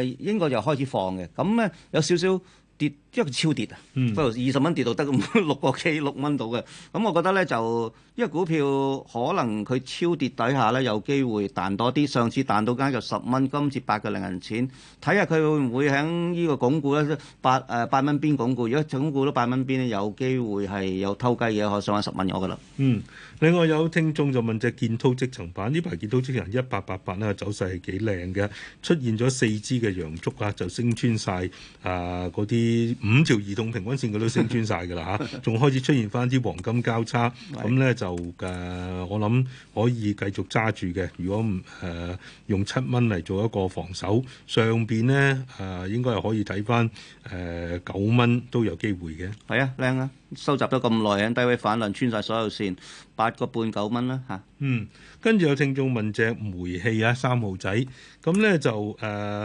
誒英國又開始放嘅，咁咧有少少跌。因為超跌啊，不過二十蚊跌到得六個幾六蚊到嘅，咁、嗯、我覺得咧就因為股票可能佢超跌底下咧有機會彈多啲，上次彈到間就十蚊，今次八個零銀錢，睇下佢會唔會喺呢個鞏固咧？八誒八蚊邊鞏固？如果整固到八蚊邊咧，有機會係有偷雞嘢可以上翻十蚊我噶啦。嗯，另外有聽眾就問隻建滔積層板，呢排建滔積層一八八八咧，走勢係幾靚嘅，出現咗四支嘅陽燭啊，就升穿晒啊嗰啲。呃呃呃呃五條移動平均線佢都升穿晒嘅啦嚇，仲 開始出現翻啲黃金交叉，咁咧 就誒、呃、我諗可以繼續揸住嘅。如果唔誒、呃、用七蚊嚟做一個防守，上邊咧誒應該係可以睇翻誒九蚊都有機會嘅。係啊，靚啊，收集咗咁耐喺低位反彈穿晒所有線，八個半九蚊啦嚇。啊、嗯，跟住有聽眾問隻煤氣啊三號仔，咁咧就誒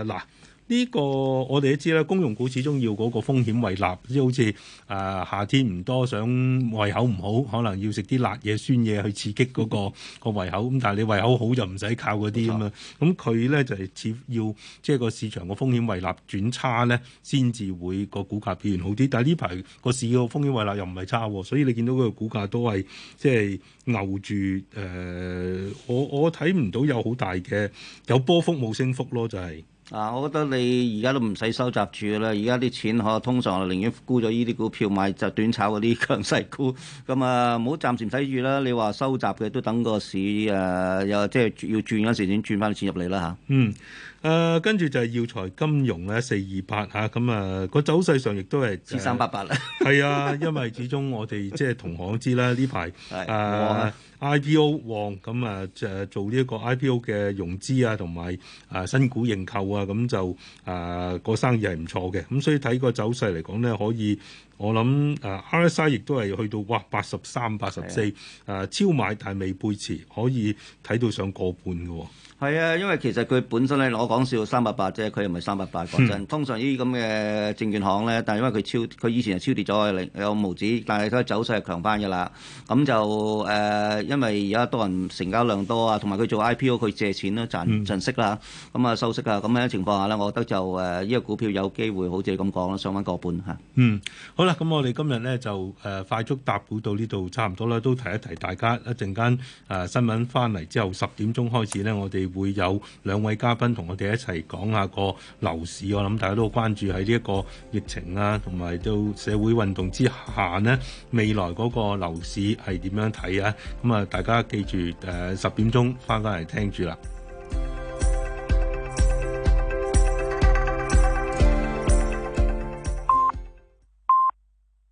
嗱。呃呢、這個我哋都知啦，公用股始終要嗰個風險胃納，即、就、係、是、好似誒、呃、夏天唔多，想胃口唔好，可能要食啲辣嘢、酸嘢去刺激嗰、那個嗯、個胃口。咁但係你胃口好就唔使靠嗰啲咁啊。咁佢咧就係、是、似要即係個市場個風險胃納轉差咧，先至會個股價表現好啲。但係呢排個市個風險胃納又唔係差，所以你見到個股價都係即係牛住誒、呃。我我睇唔到有好大嘅有波幅冇升幅咯、就是，就係、是。啊，我覺得你而家都唔使收集住啦，而家啲錢可、啊、通常啊，寧願沽咗依啲股票買就短炒嗰啲強勢股。咁啊，唔好暫時唔使住啦。你話收集嘅都等個市誒、呃，又即係要轉嗰時先轉翻啲錢入嚟啦嚇。啊、嗯。誒，跟住、呃、就係耀才金融咧，四二八吓，咁啊、那個走勢上亦都係千三八八啦。係啊，因為始終我哋即係同行知啦，呢排誒 IPO 旺，咁啊誒做呢一個 IPO 嘅融資啊，同埋啊,啊新股認購啊，咁就誒個生意係唔錯嘅。咁所以睇個走勢嚟講咧，可以我諗誒 RSI 亦都係去到哇八十三八十四誒超買，但係未背馳，可以睇到上個半嘅。係啊，因為其實佢本身咧攞講笑三百八啫，佢又唔係三百八。講真、嗯，通常呢啲咁嘅證券行咧，但係因為佢超，佢以前係超跌咗，零有五毫子，但係佢走勢係強翻噶啦。咁就誒、呃，因為而家多人成交量多啊，同埋佢做 IPO，佢借錢咯，賺賺息啦。咁啊，收息啊，咁樣情況下咧，我覺得就誒呢、呃呢個股票有機會，好似你咁講啦，上翻個半嚇。啊、嗯，好啦，咁我哋今日咧就誒快速搭補到呢度差唔多啦，都提一提大家一陣間誒新聞翻嚟之後，十點鐘開始咧，我哋。會有兩位嘉賓同我哋一齊講一下個樓市。我諗大家都關注喺呢一個疫情啊，同埋到社會運動之下呢，未來嗰個樓市係點樣睇啊？咁啊，大家記住誒，十點鐘翻返嚟聽住啦。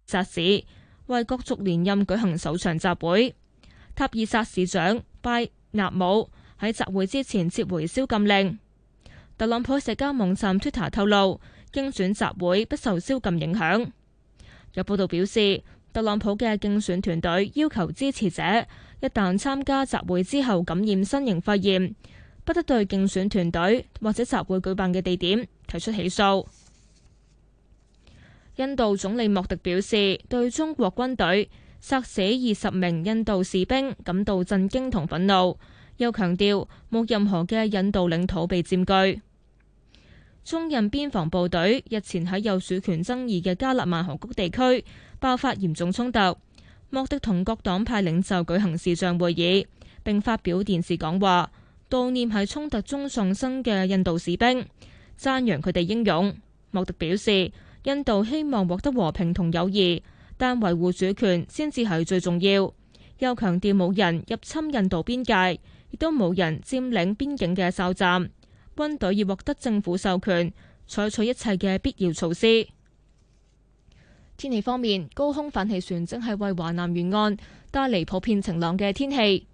薩市為國族連任舉行首場集會，塔爾薩市長拜納姆。喺集會之前撤回宵禁令。特朗普社交網站 Twitter 透露，競選集會不受宵禁影響。有報道表示，特朗普嘅競選團隊要求支持者一旦參加集會之後感染新型肺炎，不得對競選團隊或者集會舉辦嘅地點提出起訴。印度總理莫迪表示，對中國軍隊殺死二十名印度士兵感到震驚同憤怒。又強調冇任何嘅印度領土被佔據。中印邊防部隊日前喺有主權爭議嘅加勒萬河谷地區爆發嚴重衝突。莫迪同各黨派領袖舉行視像會議，並發表電視講話，悼念喺衝突中喪生嘅印度士兵，讚揚佢哋英勇。莫迪表示，印度希望獲得和平同友誼，但維護主權先至係最重要。又強調冇人入侵印度邊界。亦都冇人佔領邊境嘅哨站，軍隊要獲得政府授權，採取一切嘅必要措施。天氣方面，高空反氣旋正係為華南沿岸帶嚟普遍晴朗嘅天氣，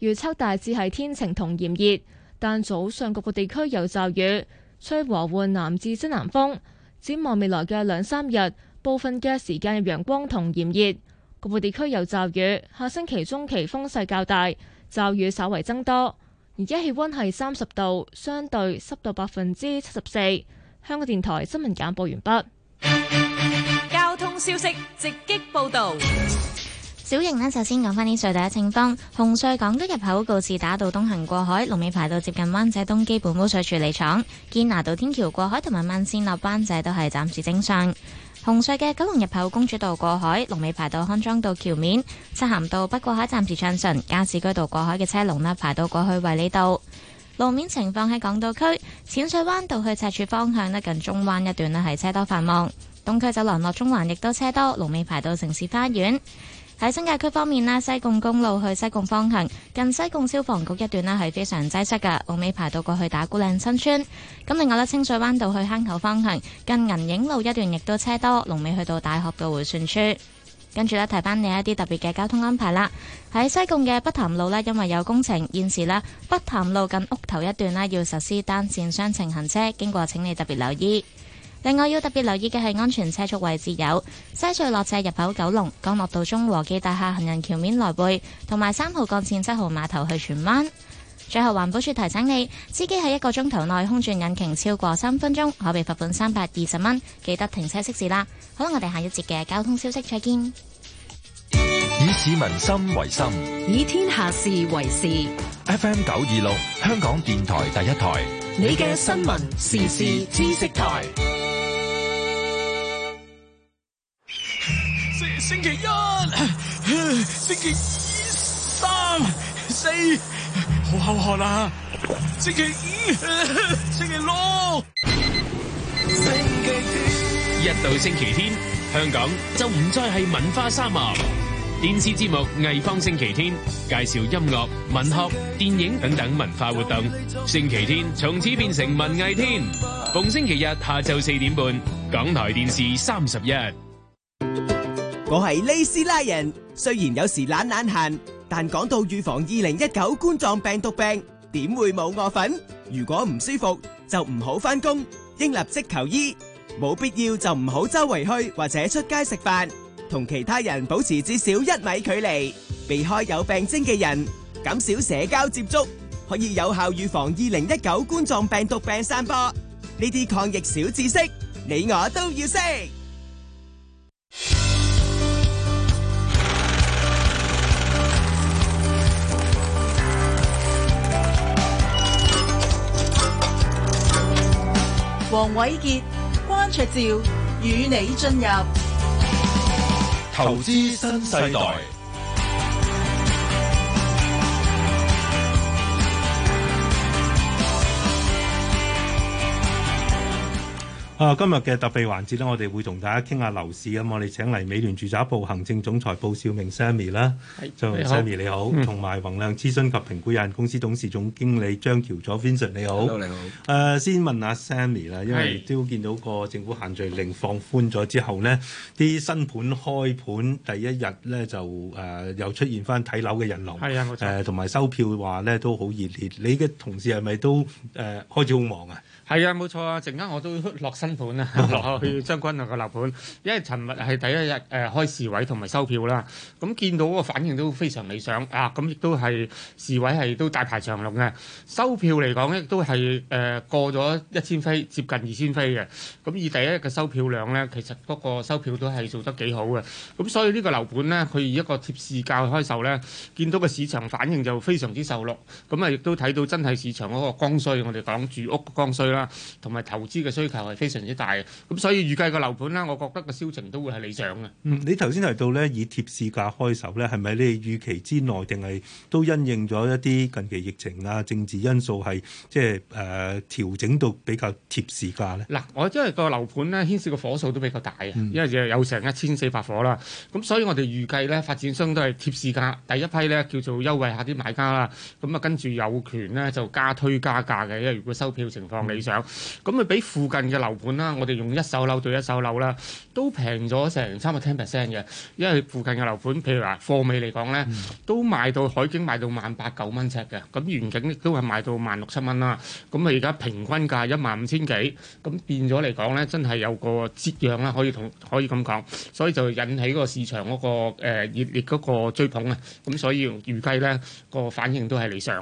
預測大致係天晴同炎熱，但早上局部地區有驟雨，吹和緩南至西南風。展望未來嘅兩三日，部分嘅時間陽光同炎熱，局部地區有驟雨。下星期中期風勢較大。驟雨稍為增多，而家氣溫係三十度，相對濕度百分之七十四。香港電台新聞簡報完畢。交通消息直擊報道，小瑩呢，首先講翻啲隧道嘅情況。紅隧港都入口告士打道東行過海龍尾排到接近灣仔東基本污水處理廠，堅拿道天橋過海同埋慢綫落灣仔都係暫時正常。紅隧嘅九龍入口公主道過海，龍尾排到康莊道橋面；漆咸道北過海暫時暢順，加士居道過海嘅車龍呢排到過去衛理道。路面情況喺港島區，淺水灣道去赤柱方向呢近中灣一段呢係車多繁忙，東區走廊落中環亦都車多，龍尾排到城市花園。喺新界區方面呢，西貢公路去西貢方向，近西貢消防局一段呢係非常擠塞㗎，龍尾排到過去打鼓嶺新村。咁另外呢，清水灣道去坑口方向，近銀影路一段亦都車多，龍尾去到大學嘅回旋處。跟住呢，提翻你一啲特別嘅交通安排啦。喺西貢嘅北潭路呢，因為有工程現時呢，北潭路近屋頭一段呢，要實施單線雙程行車，經過請你特別留意。另外要特別留意嘅係安全車速位置有西隧落斜入口、九龍江樂道中和記大廈行人橋面來回，同埋三號幹線七號碼頭去荃灣。最後，環保署提醒你，司機喺一個鐘頭內空轉引擎超過三分鐘，可被罰款三百二十蚊。記得停車熄匙啦。好啦，我哋下一節嘅交通消息再見。以市民心為心，以天下事為事。FM 九二六，香港電台第一台，你嘅新聞時事知識台。星期一、星期二、三、四，好口渴啦。星期五、星期六，星期天，一到星期天，香港就唔再係文化沙漠。電視節目藝芳星期天介紹音樂、文學、電影等等文化活動。星期天從此變成文藝天。逢星期日下晝四點半，港台電視三十一。我係麗斯拉人，雖然有時懶懶閒，但講到預防二零一九冠狀病毒病，點會冇我份？如果唔舒服，就唔好翻工，應立即求醫。冇必要就唔好周圍去或者出街食飯。同其他人保持至少一米距離，避開有病徵嘅人，減少社交接觸，可以有效預防二零一九冠狀病毒病散播。呢啲抗疫小知識，你我都要識。黃瑋傑、關焯照與你進入。投資新世代。啊，今日嘅特別環節呢，我哋會同大家傾下樓市。咁，我哋請嚟美聯住宅部行政總裁布少明 Sammy 啦。係，Sammy 你好。你好。同埋宏亮諮詢及評估有限公司董事總經理張翹楚 Vincent，你好。你好，你好。誒，先問下 Sammy 啦，因為都見到個政府限聚令放寬咗之後呢，啲新盤開盤第一日呢就誒又出現翻睇樓嘅人流。係啊，冇錯。誒，同埋收票話呢都好熱烈。你嘅同事係咪都誒開始好忙啊？係啊，冇錯啊。陣間我都落身。盤啊落去將軍澳個樓盤，因為尋日係第一日誒、呃、開市委同埋收票啦，咁、嗯、見到個反應都非常理想啊！咁、嗯、亦都係市委係都大排長龍嘅，收票嚟講亦都係誒、呃、過咗一千飛，接近二千飛嘅。咁、嗯、以第一日嘅收票量咧，其實嗰個收票都係做得幾好嘅。咁、嗯、所以呢個樓盤咧，佢以一個貼市價去開售咧，見到個市場反應就非常之受落。咁、嗯、啊，亦都睇到真係市場嗰個剛需，我哋講住屋嘅剛需啦，同埋投資嘅需求係非常，非常之大嘅，咁所以預計個樓盤咧，我覺得個銷情都會係理想嘅。嗯，你頭先提到呢，以貼市價開手呢，係咪你哋預期之內，定係都因應咗一啲近期疫情啊、政治因素係即係誒、呃、調整到比較貼市價呢？嗱、嗯，我因為個樓盤呢，牽涉個火數都比較大嘅，因為有成一千四百火啦。咁、嗯、所以我哋預計呢，發展商都係貼市價，第一批呢，叫做優惠下啲買家啦。咁啊，跟住有權呢，就加推加價嘅，因為如果收票情況理想，咁啊俾附近嘅樓。盤啦，我哋用一手樓對一手樓啦，都平咗成差唔多 ten percent 嘅，因為附近嘅樓盤，譬如話貨尾嚟講咧，都賣到海景賣到萬八九蚊尺嘅，咁園景亦都係賣到萬六七蚊啦，咁啊而家平均價一萬五千幾，咁變咗嚟講咧，真係有個折讓啦，可以同可以咁講，所以就引起個市場嗰個誒熱烈嗰個追捧啊，咁所以預計咧個反應都係理想。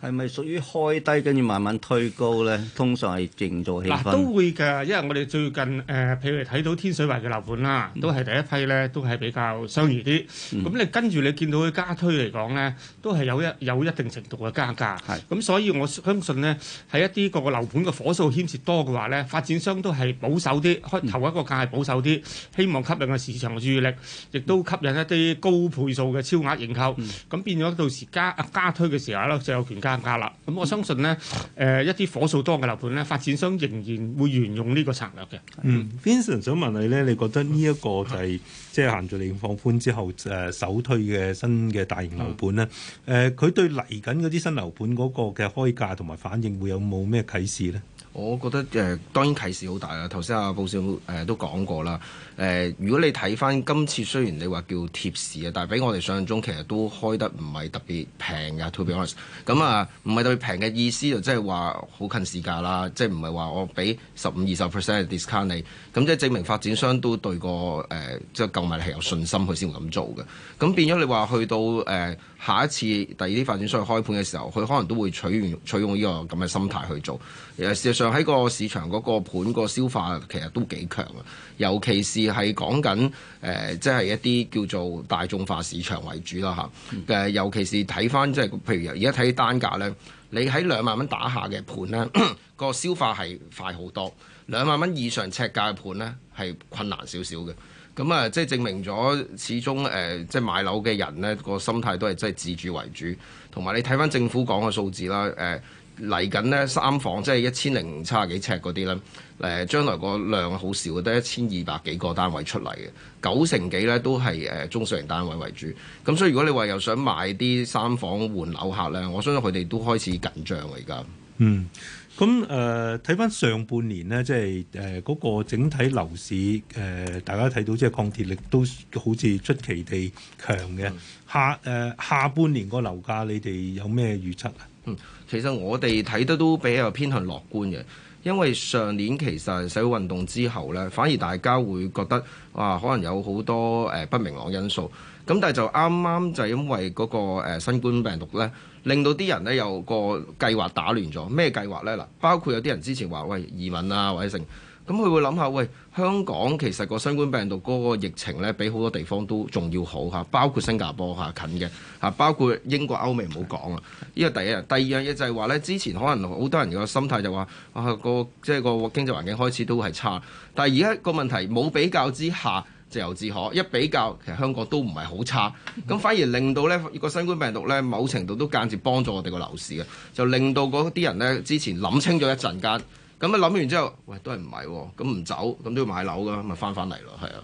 係咪屬於開低跟住慢慢推高咧？通常係靜坐氣氛。嗱，都會嘅。因為我哋最近誒，譬如睇到天水圍嘅樓盤啦，都係第一批咧，都係比較相宜啲。咁你跟住你見到佢加推嚟講咧，都係有一有一定程度嘅加價。係。咁所以我相信咧，喺一啲個個樓盤嘅火數牽涉多嘅話咧，發展商都係保守啲，開頭一個價係保守啲，希望吸引個市場嘅注意力，亦都吸引一啲高倍數嘅超額認購。咁變咗到時加加推嘅時候咧，就有權加價啦。咁我相信咧，誒一啲火數多嘅樓盤咧，發展商仍然會沿用呢個策略嘅，嗯，Vincent 想問你咧，你覺得呢一個就係即係限聚令放寬之後，誒、呃、首推嘅新嘅大型樓盤咧，誒佢、嗯呃、對嚟緊嗰啲新樓盤嗰個嘅開價同埋反應會有冇咩啟示咧？我覺得誒、呃、當然啟示好大啦，頭先阿報少誒都講過啦。誒、呃、如果你睇翻今次雖然你話叫貼士啊，但係比我哋想象中其實都開得唔係特別平嘅。To be honest，咁、嗯、啊唔係特別平嘅意思就即係話好近市價啦，即係唔係話我俾十五二十 percent discount 你，咁即係證明發展商都對個誒即係購物係有信心，佢先會咁做嘅。咁變咗你話去到誒。呃下一次第二啲發展商去開盤嘅時候，佢可能都會取完取用呢個咁嘅心態去做。其實事實上喺個市場嗰個盤個消化其實都幾強啊，尤其是係講緊誒，即、呃、係、就是、一啲叫做大眾化市場為主啦嚇。誒、啊，尤其是睇翻即係譬如而家睇單價呢，你喺兩萬蚊打下嘅盤呢，個 消化係快好多。兩萬蚊以上尺價嘅盤呢，係困難少少嘅。咁啊，即係證明咗，始終誒，即係買樓嘅人呢個心態都係即係自住為主。同埋你睇翻政府講嘅數字啦，誒嚟緊呢三房即係一千零七十幾尺嗰啲咧，誒將來個量好少，得一千二百幾個單位出嚟嘅，九成幾呢都係誒中小型單位為主。咁所以如果你話又想買啲三房換樓客呢，我相信佢哋都開始緊張啊！而家嗯。咁誒睇翻上半年呢，即係誒嗰個整體樓市誒、呃，大家睇到即係抗跌力都好似出奇地強嘅。下誒、呃、下半年個樓價，你哋有咩預測啊？嗯，其實我哋睇得都比較偏向樂觀嘅，因為上年其實社會運動之後咧，反而大家會覺得哇、啊，可能有好多誒、呃、不明朗因素。咁但係就啱啱就因為嗰個新冠病毒呢，令到啲人呢有個計劃打亂咗。咩計劃呢？嗱，包括有啲人之前話喂移民啊，或者成。嗯，咁佢會諗下喂香港其實個新冠病毒嗰個疫情呢，比好多地方都仲要好嚇，包括新加坡嚇近嘅嚇，包括英國歐美唔好講啊。呢個第一樣，第二樣嘢就係話呢，之前可能好多人個心態就話啊個即係個經濟環境開始都係差，但係而家個問題冇比較之下，自由自可一比較，其實香港都唔係好差，咁反而令到呢個新冠病毒呢某程度都間接幫助我哋個樓市嘅，就令到嗰啲人呢之前諗清咗一陣間，咁啊諗完之後，喂都係唔係喎，咁唔走，咁都要買樓㗎，咪返返嚟咯，係啊。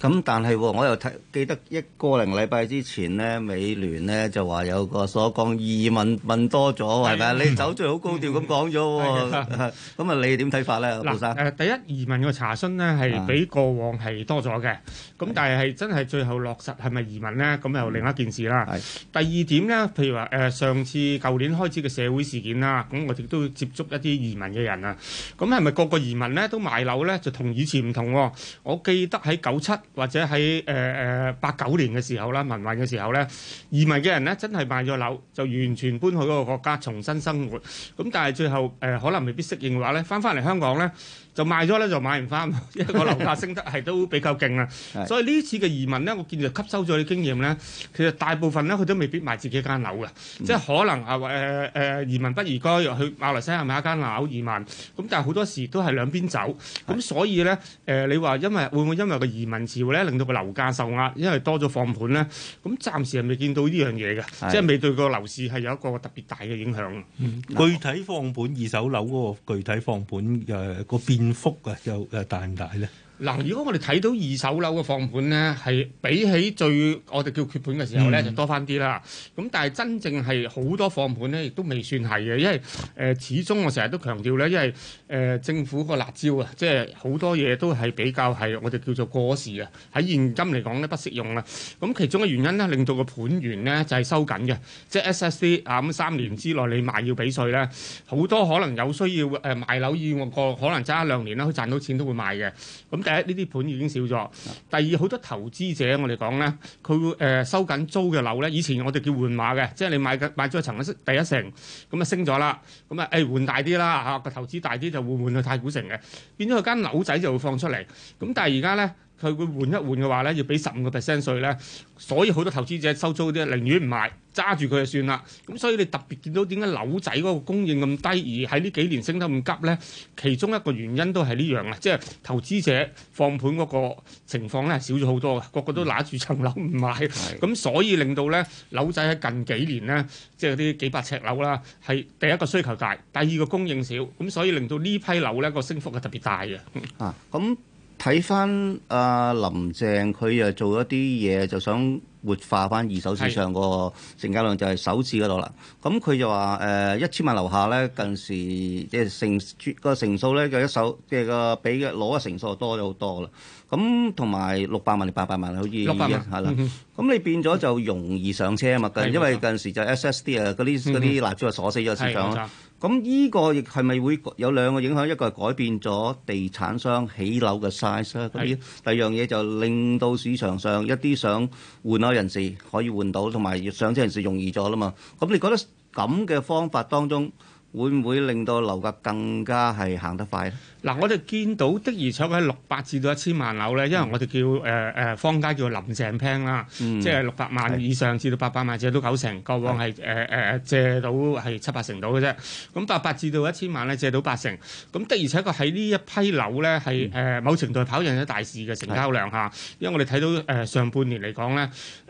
咁但係我又睇記得一個零禮拜之前咧，美聯咧就話有個所講移民問多咗，係咪啊？你走咗好高調咁講咗喎，咁啊你點睇法咧，關生？誒第一移民嘅查詢咧係比過往係多咗嘅，咁但係係真係最後落實係咪移民咧？咁又另一件事啦。第二點咧，譬如話誒上次舊年開始嘅社會事件啦，咁我哋都接觸一啲移民嘅人啊，咁係咪個個移民咧都買樓咧？就同以前唔同喎？我記得喺九七。或者喺誒誒八九年嘅時候啦，民運嘅時候咧，移民嘅人咧，真係賣咗樓就完全搬去嗰個國家重新生活，咁但係最後誒、呃、可能未必適應嘅話咧，返返嚟香港咧。就賣咗咧，就買唔翻。因為個樓價升得係都比較勁啦，所以呢次嘅移民咧，我見就吸收咗啲經驗咧。其實大部分咧，佢都未必賣自己間樓嘅，即係可能啊誒誒移民不如該去馬來西亞買一間樓移民。咁但係好多時都係兩邊走。咁所以咧誒，你話因為會唔會因為個移民潮咧，令到個樓價受壓，因為多咗放盤咧？咁暫時係未見到呢樣嘢嘅，即係未對個樓市係有一個特別大嘅影響。具體放盤二手樓嗰個具體放盤誒個邊。福啊，又又大唔大咧？嗱，如果我哋睇到二手樓嘅放盤呢，係比起最我哋叫缺盤嘅時候呢，就多翻啲啦。咁但係真正係好多放盤呢，亦都未算係嘅，因為誒、呃、始終我成日都強調呢，因為誒、呃、政府個辣椒啊，即係好多嘢都係比較係我哋叫做過時啊，喺現今嚟講呢，不適用啦。咁其中嘅原因呢，令到個盤源呢，就係、是、收緊嘅，即係 SSD 啊咁三年之內你賣要俾稅呢，好多可能有需要誒賣樓以後可能揸一兩年啦，佢賺到錢都會賣嘅，咁。誒呢啲盤已經少咗。第二，好多投資者，我哋講咧，佢會誒收緊租嘅樓咧。以前我哋叫換馬嘅，即係你買嘅買咗一層第一成，咁啊升咗啦，咁啊誒換大啲啦嚇，個投資大啲就會換換去太古城嘅，變咗佢間樓仔就會放出嚟。咁但係而家咧。佢會換一換嘅話咧，要俾十五個 percent 稅咧，所以好多投資者收租啲寧願唔賣，揸住佢就算啦。咁所以你特別見到點解樓仔嗰個供應咁低，而喺呢幾年升得咁急咧？其中一個原因都係呢樣啊，即係投資者放盤嗰個情況咧少咗好多嘅，個個都揦住層樓唔賣，咁的所以令到咧樓仔喺近幾年咧，即係啲幾百尺樓啦，係第一個需求大，第二個供應少，咁所以令到呢批樓咧個升幅係特別大嘅。啊，咁。 睇翻阿林鄭佢又做咗啲嘢，就想活化翻二手市場個成交量就係、是、首次嗰度啦。咁佢就話誒一千萬樓下咧，近時即係成個成數咧，數數數就一手即係個比嘅攞嘅成數多咗好多啦。咁同埋六百萬定八百萬好似，係啦了。咁、嗯、哼你變咗就容易上車啊嘛！咁因為近時就 S S D 啊，嗰啲嗰啲辣招啊鎖死咗市場啦。嗯咁呢個亦係咪會有兩個影響？一個係改變咗地產商起樓嘅 size，咁是樣第二樣嘢就令到市場上一啲想換樓人士可以換到，同埋上車人士容易咗啦嘛。咁你覺得咁嘅方法當中會唔會令到樓價更加係行得快咧？嗱、啊，我哋見到的而且確喺六百至到一千萬樓咧，因為我哋叫誒誒、呃、坊間叫林鄭 Plan 啦，嗯、即係六百萬以上至到八百萬借到九成，過往係誒誒借到係七八成到嘅啫。咁八百至到一千萬咧，借到八成。咁的而且確喺呢一批樓咧係誒某程度跑贏咗大市嘅成交量嚇。因為我哋睇到誒、呃、上半年嚟講咧，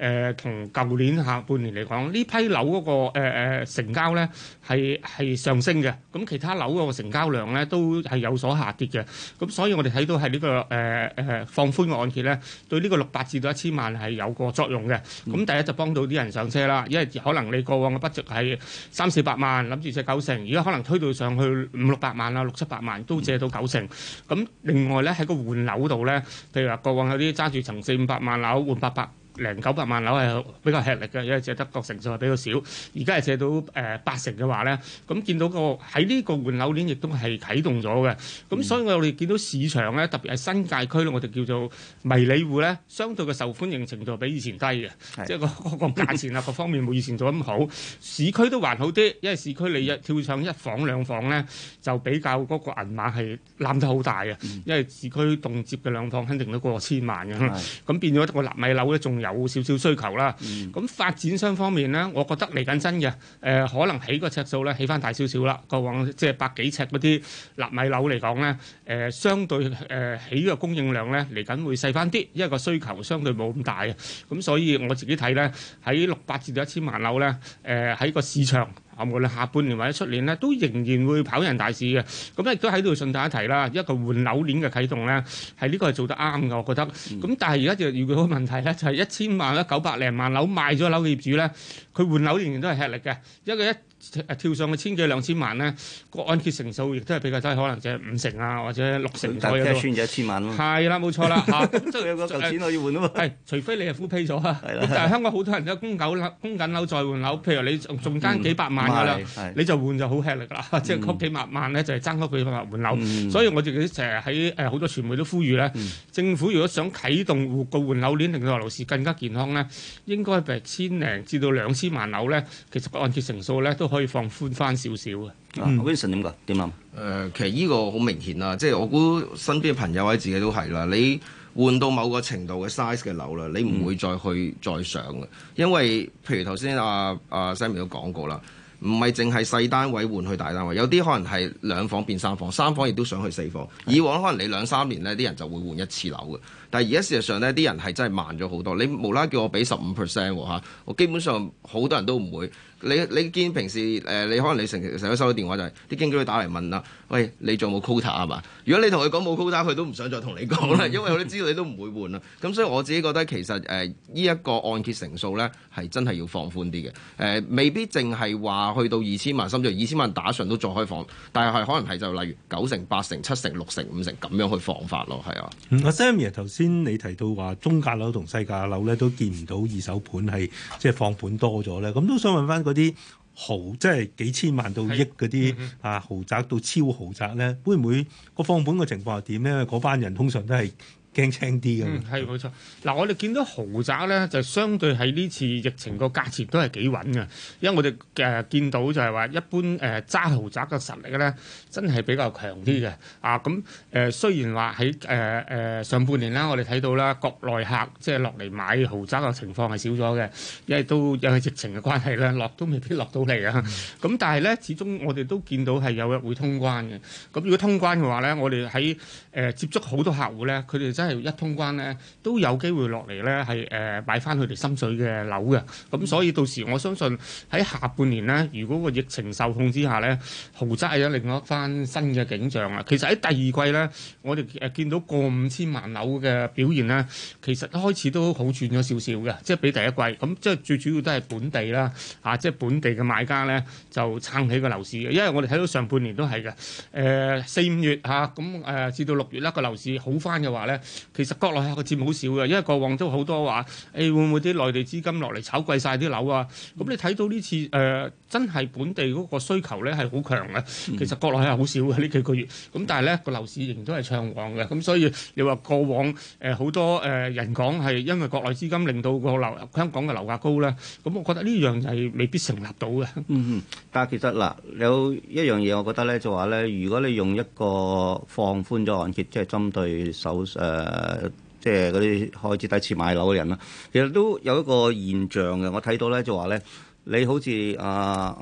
誒同舊年下半年嚟講，呢批樓嗰、那個誒、呃、成交咧係係上升嘅。咁其他樓嗰個成交量咧都係有所下跌嘅，咁所以我哋睇到係呢、這個誒誒、呃、放寬嘅按揭咧，對呢個六百至到一千萬係有個作用嘅。咁第一就幫到啲人上車啦，因為可能你過往嘅筆值係三四百萬，諗住借九成，而家可能推到上去五六百萬啦，六七百萬都借到九成。咁另外咧喺個換樓度咧，譬如話過往有啲揸住層四五百萬樓換八百。零九百萬樓係比較吃力嘅，因為借得國成數係比較少。而家係借到誒、呃、八成嘅話咧，咁見到、個喺呢個換樓鏈亦都係啟動咗嘅。咁所以我哋見到市場咧，特別係新界區咧，我哋叫做迷你戶咧，相對嘅受歡迎程度係比以前低嘅，即係是的、嗰個、嗰個價錢啊各 方面冇以前做咁好。市區都還好啲，因為市區你一跳上一房兩房咧，就比較嗰個銀碼係攬得好大嘅，因為市區動輒嘅兩房肯定都過千萬嘅。咁是的 變咗個納米樓咧，仲有。有少少需求啦，咁、嗯、發展商方面呢，我覺得嚟緊真嘅，誒、呃、可能起個尺數呢，起翻大少少啦。過往即係百幾尺嗰啲納米樓嚟講呢，誒、呃、相對誒、呃、起嘅供應量呢，嚟緊會細翻啲，因為個需求相對冇咁大嘅，咁、啊、所以我自己睇呢，喺六百至到一千萬樓呢，誒、呃、喺個市場。無論下半年或者出年咧，都仍然會跑人大市嘅。咁亦都喺度順帶一提啦，一個換樓鏈嘅啟動咧，係呢個係做得啱嘅，我覺得。咁、嗯、但係而家就遇到個問題咧，就係、是、一千萬一九百零萬樓賣咗樓嘅業主咧，佢換樓仍然都係吃力嘅，一個一。誒跳上去千幾兩千萬咧，個按揭成數亦都係比較低，可能就係五成啊，或者六成左右都。即係穿咗一千萬，咯。係啦，冇錯啦嚇，即係有個嚿錢可以換啊嘛。係，除非你係 full pay 咗啊。但係香港好多人都供樓，供緊樓再換樓，譬如你仲爭幾百萬㗎啦，你就換就好吃力㗎啦，即係嗰幾百萬咧就係爭嗰幾百萬換樓。所以我哋成日喺誒好多傳媒都呼籲咧，政府如果想啟動個換樓鏈，令到樓市更加健康咧，應該百千零至到兩千萬樓咧，其實個按揭成數咧都。可以放寬翻少少嘅。啊 Vincent 點㗎？點、嗯、啊、呃？其實呢個好明顯啦，即係我估身邊嘅朋友或者自己都係啦。你換到某個程度嘅 size 嘅樓啦，你唔會再去再上嘅。因為譬如頭先阿、啊、阿、啊、Sammy 都講過啦，唔係淨係細單位換去大單位，有啲可能係兩房變三房，三房亦都想去四房。以往可能你兩三年呢啲人就會換一次樓嘅。但係而家事實上呢啲人係真係慢咗好多。你無啦，叫我俾十五 percent 喎，我基本上好多人都唔會。你你見平時誒、呃，你可能你成成日都收到電話，就係、是、啲經紀都打嚟問啦。喂，你仲冇 quota 係嘛？如果你同佢講冇 quota，佢都唔想再同你講啦，因為佢都知道你都唔會換啊。咁所以我自己覺得其實誒呢一個按揭成數咧係真係要放寬啲嘅。誒、呃、未必淨係話去到二千萬，甚至二千萬打上都再開放，但係可能係就例如九成、八成、七成、六成、五成咁樣去放法咯，係啊。阿 Sammy 頭先你提到話中價樓同細價樓咧都見唔到二手盤係即係放盤多咗咧，咁都想問翻嗰啲。豪，即係幾千萬到億嗰啲啊，豪宅到超豪宅咧，會唔會個放盤嘅情況係點咧？因為嗰班人通常都係。輕輕啲咁，係冇、嗯、錯。嗱，我哋見到豪宅咧，就相對喺呢次疫情個價錢都係幾穩嘅，因為我哋誒、呃、見到就係話，一般誒揸豪宅嘅實力咧，真係比較強啲嘅。啊，咁、呃、誒雖然話喺誒誒上半年啦，我哋睇到啦，國內客即係落嚟買豪宅嘅情況係少咗嘅，因為都因為疫情嘅關係咧，落都未必落到嚟啊。咁、嗯嗯、但係咧，始終我哋都見到係有一日會通關嘅。咁如果通關嘅話咧，我哋喺誒接觸好多客戶咧，佢哋真係～一通關咧，都有機會落嚟咧，係誒買翻佢哋心水嘅樓嘅。咁所以到時我相信喺下半年呢，如果個疫情受控之下呢，豪宅係有另外一番新嘅景象啊！其實喺第二季呢，我哋誒見到過五千萬樓嘅表現呢，其實開始都好轉咗少少嘅，即係比第一季。咁即係最主要都係本地啦，啊，即係本地嘅買家呢，就撐起個樓市嘅。因為我哋睇到上半年都係嘅，誒四五月吓，咁誒至到六月啦，個樓市好翻嘅話呢。其實國內係個節目好少嘅，因為過往都好多話誒、哎，會唔會啲內地資金落嚟炒貴晒啲樓啊？咁你睇到呢次誒、呃，真係本地嗰個需求咧係好強嘅。其實國內係好少嘅呢幾個月。咁但係咧個樓市仍然都係暢旺嘅。咁所以你話過往誒好、呃、多誒人講係因為國內資金令到個樓香港嘅樓價高咧，咁我覺得呢樣係未必成立到嘅。嗯嗯，但係其實嗱，有一樣嘢我覺得咧就話、是、咧，如果你用一個放寬咗按揭，即係針對首誒。呃誒、呃，即係嗰啲開始第一次買樓嘅人啦，其實都有一個現象嘅，我睇到咧就話咧，你好似阿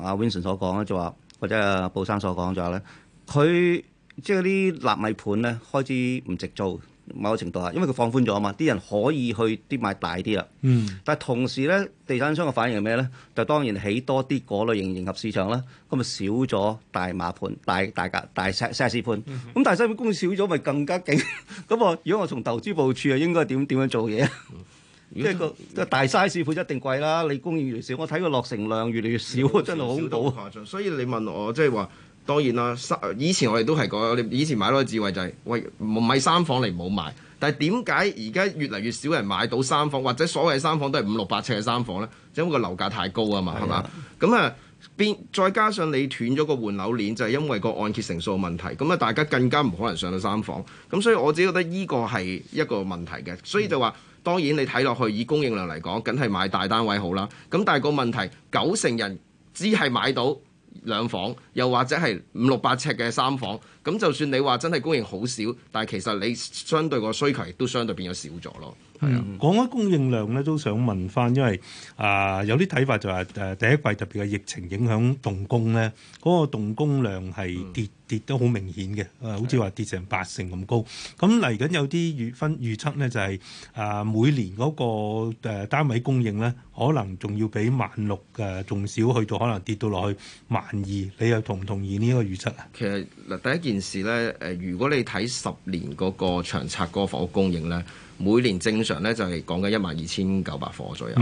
阿 Vincent 所講咧，就話或者阿布生所講就話咧，佢即係啲納米盤咧，開始唔值租。某個程度啊，因為佢放寬咗啊嘛，啲人可以去啲買大啲啦。嗯。但係同時咧，地產商嘅反應係咩咧？就當然起多啲嗰類型迎合市場啦。咁啊少咗大碼盤、大大格、大 size 盤，咁大 size 盤供少咗，咪更加勁。咁啊，如果我從投資部署啊，應該點點樣做嘢？即係個大 size 盤一定貴啦。你供應越少，我睇個落成量越嚟越少，真係好唔好？所以你問我即係話。當然啦，三以前我哋都係講，以前買多個智慧就係、是、喂唔係三房嚟冇買，但係點解而家越嚟越少人買到三房，或者所謂三房都係五六百尺嘅三房咧？就是、因為個樓價太高啊嘛，係嘛是的？咁啊，變再加上你斷咗個換樓鏈，就係、是、因為個按揭成數問題，咁啊大家更加唔可能上到三房。咁所以我只覺得依個係一個問題嘅，所以就話當然你睇落去以供應量嚟講，梗係買大單位好啦。咁但係個問題，九成人只係買到，兩房，又或者係五六百尺嘅三房，咁就算你話真係供應好少，但係其實你相對個需求亦都相對變咗少咗咯。係啊，講緊供應量咧，都想問翻，因為啊，有啲睇法就係，誒，第一季特別嘅疫情影響動工咧，嗰個動工量係跌跌都好明顯嘅，誒，好似話跌成八成咁高。咁嚟緊有啲預分預測咧，就係啊，每年嗰個誒單位供應咧，可能仲要比萬六誒仲少，去到可能跌到落去萬二。你又同唔同意呢一個預測啊？其實嗱，第一件事咧，誒，如果你睇十年嗰個長策嗰個房屋供應咧。每年正常咧就係講緊一萬二千九百伙左右，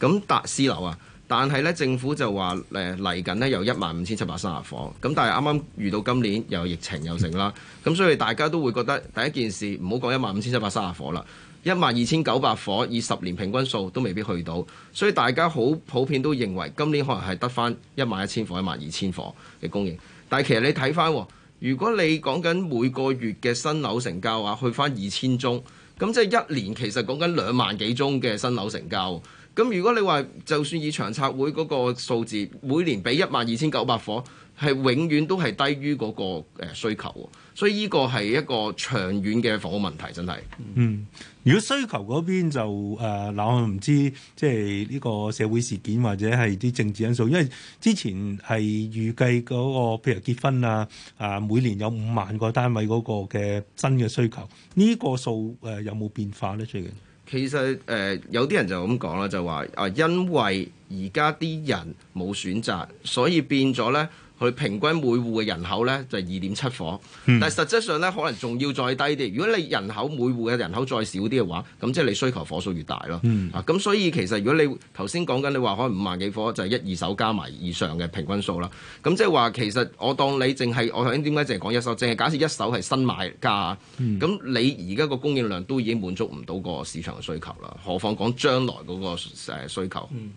咁但、嗯、私樓啊，但係咧政府就話誒嚟緊咧有一萬五千七百三十伙，咁但係啱啱遇到今年又有疫情又成啦，咁、嗯、所以大家都會覺得第一件事唔好講一萬五千七百三十伙啦，一萬二千九百伙以十年平均數都未必去到，所以大家好普遍都認為今年可能係得翻一萬一千伙、一萬二千伙嘅供應，但係其實你睇翻、哦，如果你講緊每個月嘅新樓成交啊，去翻二千宗。咁即係一年其實講緊兩萬幾宗嘅新樓成交，咁如果你話就算以長策會嗰個數字，每年畀一萬二千九百夥。係永遠都係低於嗰個需求，所以呢個係一個長遠嘅房屋問題，真係。嗯，如果需求嗰邊就誒，嗱、呃、我唔知即係呢個社會事件或者係啲政治因素，因為之前係預計嗰、嗰個譬如結婚啊啊每年有五萬個單位嗰個嘅真嘅需求，呢、呢個數誒有冇變化咧？最近其實誒、呃、有啲人就咁講啦，就話啊，因為而家啲人冇選擇，所以變咗咧。佢平均每戶嘅人口呢，就係二點七火。但係實際上呢，可能仲要再低啲。如果你人口每戶嘅人口再少啲嘅話，咁即係你需求火數越大咯。嗯、啊，咁所以其實如果你頭先講緊你話可能五萬幾火，就係一二手加埋以上嘅平均數啦。咁即係話其實我當你淨係我頭先點解淨係講一手，淨係假設一手係新買家，咁、嗯、你而家個供應量都已經滿足唔到個市場嘅需求啦。何況講將來嗰個需求。嗯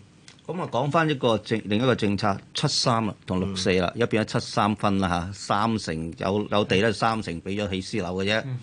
咁啊，講翻一個政，另一個政策，七三啊同六四啦，嗯、一變咗七三分啦嚇，三成有有地咧，三成俾咗起私樓嘅啫。嗯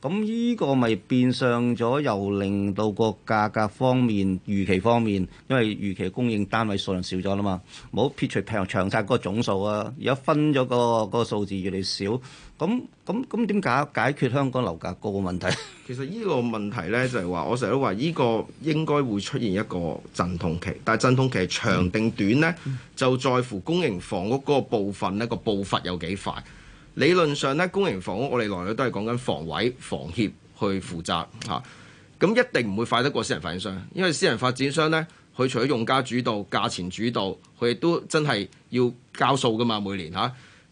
咁呢個咪變相咗，由令到個價格方面、預期方面，因為預期供應單位數量少咗啦嘛，冇撇除平長曬嗰個總數啊，而家分咗、嗰個、嗰個數字越嚟少，咁咁咁點解解決香港樓價高嘅問題？其實呢個問題呢，就係話我成日都話呢個應該會出現一個陣痛期，但係陣痛期長定短呢，就在乎公營房屋嗰個部分呢個步伐有幾快。理論上咧，公營房屋我哋來講都係講緊房委、房協去負責吓，咁、啊、一定唔會快得過私人發展商，因為私人發展商咧，佢除咗用家主導、價錢主導，佢亦都真係要交數㗎嘛，每年吓，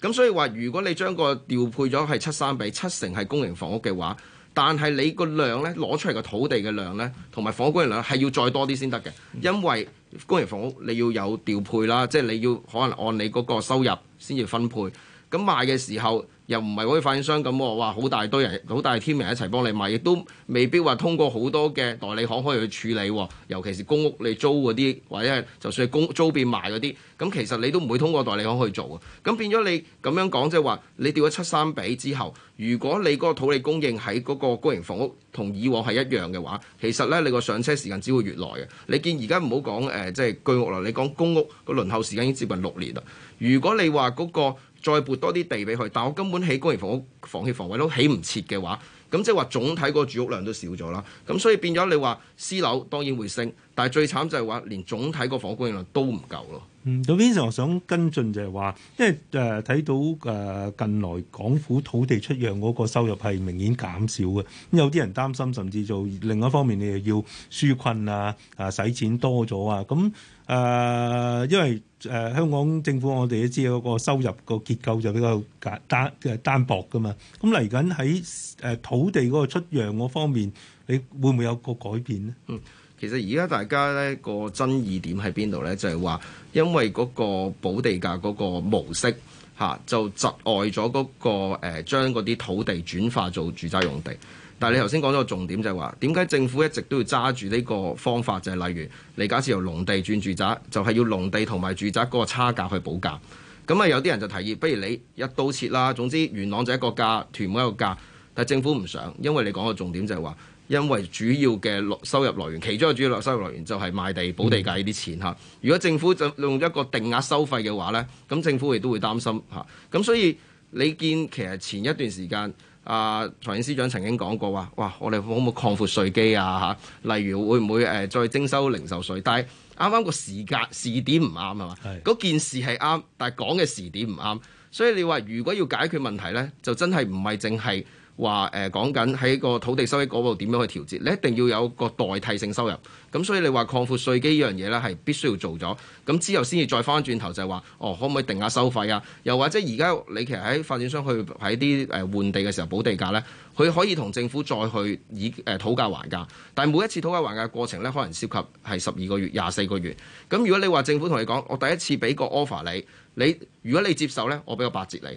咁、啊、所以話，如果你將個調配咗係七三比七成係公營房屋嘅話，但係你個量咧，攞出嚟嘅土地嘅量咧，同埋房屋供應量係要再多啲先得嘅，因為公營房屋你要有調配啦，即係你要可能按你嗰個收入先至分配。咁賣嘅時候又唔係好似發展商咁喎，哇！好大堆人好大 team 人一齊幫你賣，亦都未必話通過好多嘅代理行可以去處理喎。尤其是公屋你租嗰啲，或者係就算係公租變賣嗰啲，咁其實你都唔會通過代理行去做嘅。咁變咗你咁樣講，即係話你掉咗七三比之後，如果你嗰個土地供應喺嗰個公營房屋同以往係一樣嘅話，其實咧你個上車時間只會越耐嘅。你見而家唔好講誒，即係居屋啦，你講公屋個輪候時間已經接近六年啦。如果你話嗰個，再撥多啲地俾佢，但我根本起公營房屋、房協房位都起唔切嘅話，咁即係話總體個住屋量都少咗啦。咁所以變咗你話私樓當然會升。但係最慘就係話，連總體個房供應量都唔夠咯。嗯，杜先生，我想跟進就係話，因為誒睇、呃、到誒、呃、近來港府土地出讓嗰個收入係明顯減少嘅，咁有啲人擔心，甚至做另外一方面，你又要紓困啊，啊使錢多咗啊，咁、嗯、誒、呃、因為誒、呃、香港政府我哋都知嗰個收入個結構就比較簡單單薄噶嘛，咁嚟緊喺誒土地嗰個出讓嗰方面，你會唔會有個改變呢？嗯。其實而家大家呢個爭議點喺邊度呢？就係話，因為嗰個補地價嗰個模式吓，啊，就窒礙咗嗰個誒將嗰啲土地轉化做住宅用地。但係你頭先講咗個重點就係話，點解政府一直都要揸住呢個方法？就係例如你假設由農地轉住宅，就係要農地同埋住宅嗰個差價去補價。咁啊有啲人就提議，不如你一刀切啦。總之元朗就一個價，屯門一個價。但係政府唔想，因為你講個重點就係話。因為主要嘅收入來源，其中嘅主要收入來源就係賣地補地價呢啲錢嚇。嗯、如果政府就用咗一個定額收費嘅話呢，咁政府亦都會擔心嚇。咁、啊、所以你見其實前一段時間啊財政司長曾經講過話，哇！我哋可唔可以擴闊稅基啊嚇、啊？例如會唔會誒再徵收零售稅？但係啱啱個時間時點唔啱係嘛？嗰是的 件事係啱，但係講嘅時點唔啱。所以你話如果要解決問題呢，就真係唔係淨係。話誒講緊喺個土地收益嗰度點樣去調節？你一定要有個代替性收入，咁所以你話擴闊稅基呢樣嘢咧，係必須要做咗。咁之後先至再翻轉頭就係話，哦，可唔可以定價收費啊？又或者而家你其實喺發展商去喺啲誒換地嘅時候補地價咧，佢可以同政府再去以誒討價還價。但係每一次討價還價嘅過程咧，可能涉及係十二個月、廿四個月。咁如果你話政府同你講，我第一次俾個 offer 你，你如果你接受咧，我俾個八折你。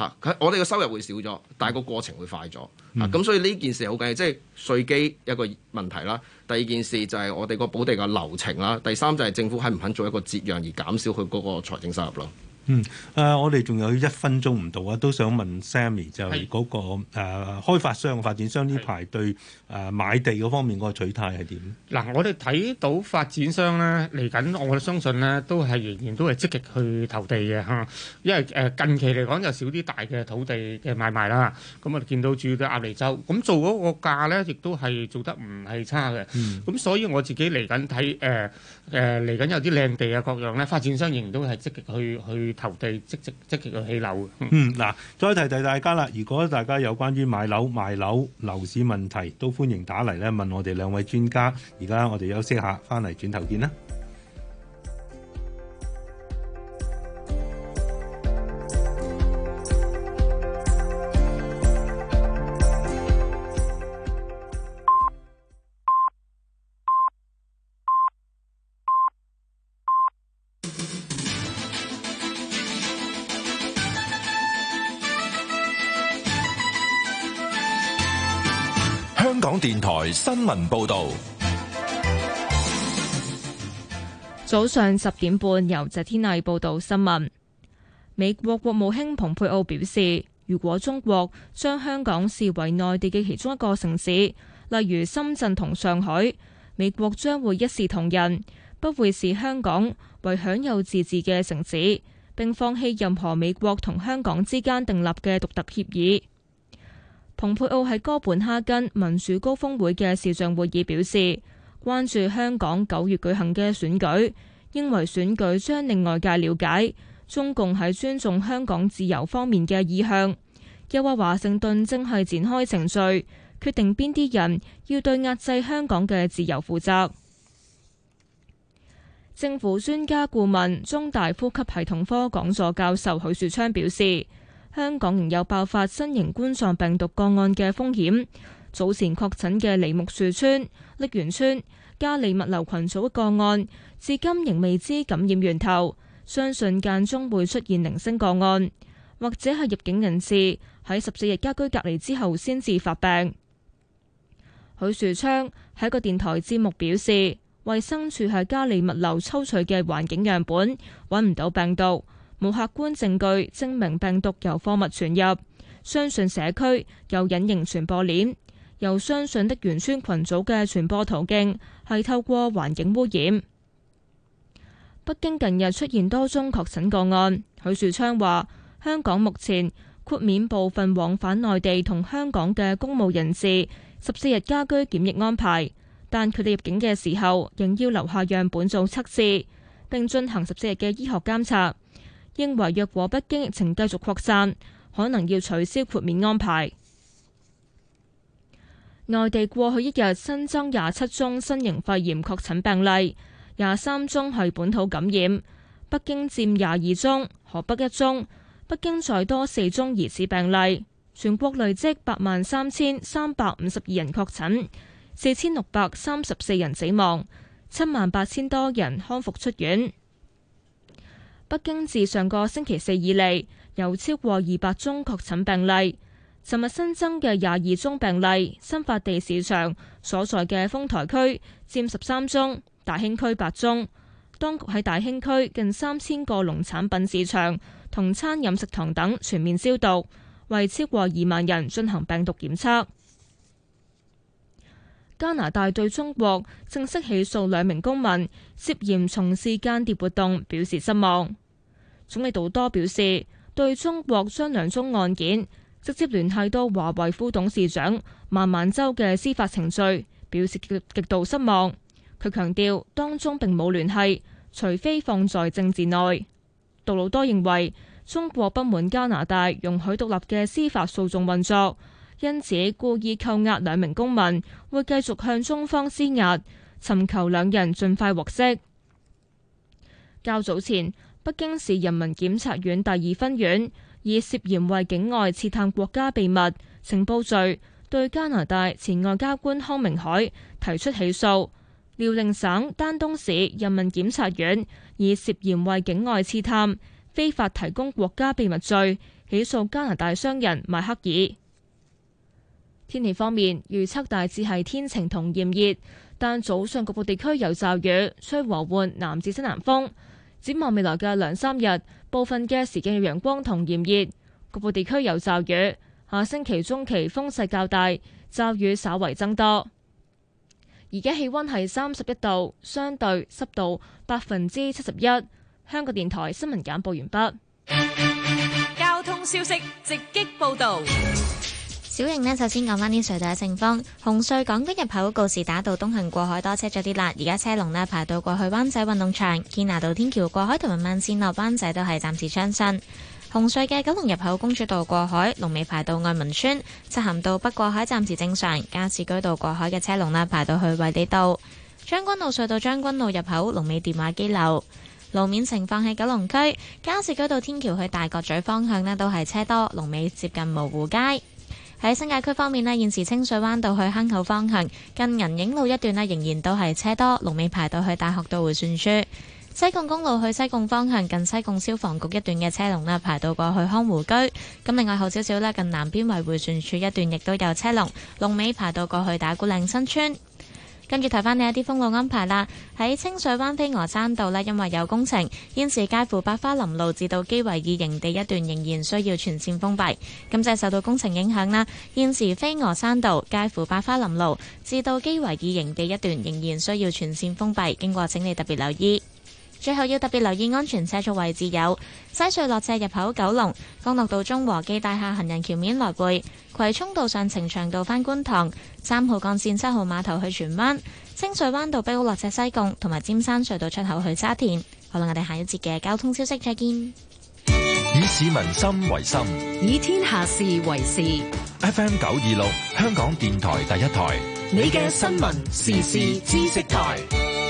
嚇，佢，我哋嘅收入會少咗，但係個過程會快咗。嚇咁、嗯啊，所以呢件事好緊要，即係稅基一個問題啦。第二件事就係我哋個補地嘅流程啦。第三就係政府肯唔肯做一個節約而減少佢嗰個財政收入咯。嗯，誒、呃，我哋仲有一分鐘唔到啊，都想問 Sammy 就係嗰、那個誒是、呃、開發商、發展商呢排對誒、呃、買地嗰方面個取態係點？嗱，我哋睇到發展商咧嚟緊，我相信呢都係仍然都係積極去投地嘅嚇，因為誒、呃、近期嚟講有少啲大嘅土地嘅買賣啦。咁我哋見到主要嘅壓利洲咁做嗰個價咧，亦都係做得唔係差嘅。咁所以我自己嚟緊睇誒。誒嚟緊有啲靚地啊，各樣咧，發展商仍都係積極去去投地，積極積極去起樓嘅。嗯，嗱、嗯，再提提大家啦，如果大家有關於買樓賣樓樓市問題，都歡迎打嚟咧問我哋兩位專家。而家我哋休息下，翻嚟轉頭見啦。電台新聞報道，早上十點半由謝天麗報道新聞。美國國務卿蓬佩奧表示，如果中國將香港視為內地嘅其中一個城市，例如深圳同上海，美國將會一視同仁，不會視香港為享有自治嘅城市，並放棄任何美國同香港之間訂立嘅獨特協議。蓬佩奧喺哥本哈根民主高峰會嘅視像會議表示，關注香港九月舉行嘅選舉，認為選舉將令外界了解中共喺尊重香港自由方面嘅意向。又話華盛頓正係展開程序，決定邊啲人要對壓制香港嘅自由負責。政府專家顧問中大呼吸系統科講座教授許樹昌表示。香港仍有爆發新型冠狀病毒個案嘅風險。早前確診嘅梨木樹村、瀝源村、嘉里物流群組個案，至今仍未知感染源頭，相信間中會出現零星個案，或者係入境人士喺十四日家居隔離之後先至發病。許樹昌喺個電台節目表示，衛生署喺嘉里物流抽取嘅環境樣本揾唔到病毒。冇客觀證據證明病毒由貨物傳入，相信社區有隱形傳播鏈，又相信的原村群組嘅傳播途徑係透過環境污染。北京近日出現多宗確診個案，許樹昌話：香港目前豁免部分往返內地同香港嘅公務人士十四日家居檢疫安排，但佢哋入境嘅時候仍要留下樣本做測試，並進行十四日嘅醫學監察。認為若果北京疫情繼續擴散，可能要取消豁免安排。內地過去一日新增廿七宗新型肺炎確診病例，廿三宗係本土感染，北京佔廿二宗，河北一宗。北京再多四宗疑似病例。全國累積八萬三千三百五十二人確診，四千六百三十四人死亡，七萬八千多人康復出院。北京自上個星期四以嚟有超過二百宗確診病例。尋日新增嘅廿二宗病例，新發地市場所在嘅豐台區佔十三宗，大興區八宗。當局喺大興區近三千個農產品市場同餐飲食堂等全面消毒，為超過二萬人進行病毒檢測。加拿大對中國正式起訴兩名公民涉嫌從事間諜活動表示失望。總理杜多表示，對中國將兩宗案件直接聯繫到華為副董事長孟晚舟嘅司法程序，表示極極度失望。佢強調當中並冇聯繫，除非放在政治內。杜魯多認為中國不滿加拿大容許獨立嘅司法訴訟運作，因此故意扣押兩名公民，會繼續向中方施壓，尋求兩人盡快獲釋。較早前。北京市人民檢察院第二分院以涉嫌為境外刺探,探國家秘密、情報罪，對加拿大前外交官康明凱提出起訴。遼寧省丹東市人民檢察院以涉嫌為境外刺探、非法提供國家秘密罪起訴加拿大商人邁克爾。天氣方面，預測大致係天晴同炎熱，但早上局部地區有驟雨，吹和緩南至西南風。展望未來嘅兩三日，部分嘅時間有陽光同炎熱，局部地區有驟雨。下星期中期風勢較大，驟雨稍為增多。而家氣温係三十一度，相對濕度百分之七十一。香港電台新聞簡報完畢。交通消息直擊報導。小瑩呢，首先講翻啲隧道嘅情況。紅隧港區入口告士打道東行過海多車咗啲啦，而家車龍呢，排到過去灣仔運動場堅拿道天橋過海同埋慢線落灣仔都係暫時相信。紅隧嘅九龍入口公主道過海龍尾排到愛民邨，漆咸道北過海暫時正常。加士居道過海嘅車龍呢，排到去惠地道將軍路隧道將軍路入口龍尾電話機樓路面情況喺九龍區加士居道天橋去大角咀方向呢，都係車多，龍尾接近蕪湖街。喺新界區方面呢現時清水灣道去坑口方向，近銀影路一段呢，仍然都係車多，龍尾排到去大學道迴旋處。西貢公路去西貢方向，近西貢消防局一段嘅車龍呢，排到過去匡湖居。咁另外後少少呢，近南邊圍迴旋處一段亦都有車龍，龍尾排到過去打鼓嶺新村。跟住睇翻呢一啲封路安排啦，喺清水灣飛鵝山道呢，因為有工程，現時介乎百花林路至到基維爾營地一段仍然需要全線封閉。噉就受到工程影響啦，現時飛鵝山道介乎百花林路至到基維爾營地一段仍然需要全線封閉，經過請你特別留意。最後要特別留意安全車速位置有西隧落斜入口九龍、九龍干諾道中和記大廈行人橋面來回、葵涌道上呈祥道返觀塘、三號幹線七號碼頭去荃灣、清水灣道北澳落斜西貢同埋尖山隧道出口去沙田。好啦，我哋下一節嘅交通消息再見。以市民心為心，以天下事為事。F M 九二六，香港電台第一台，你嘅新聞時事知識台。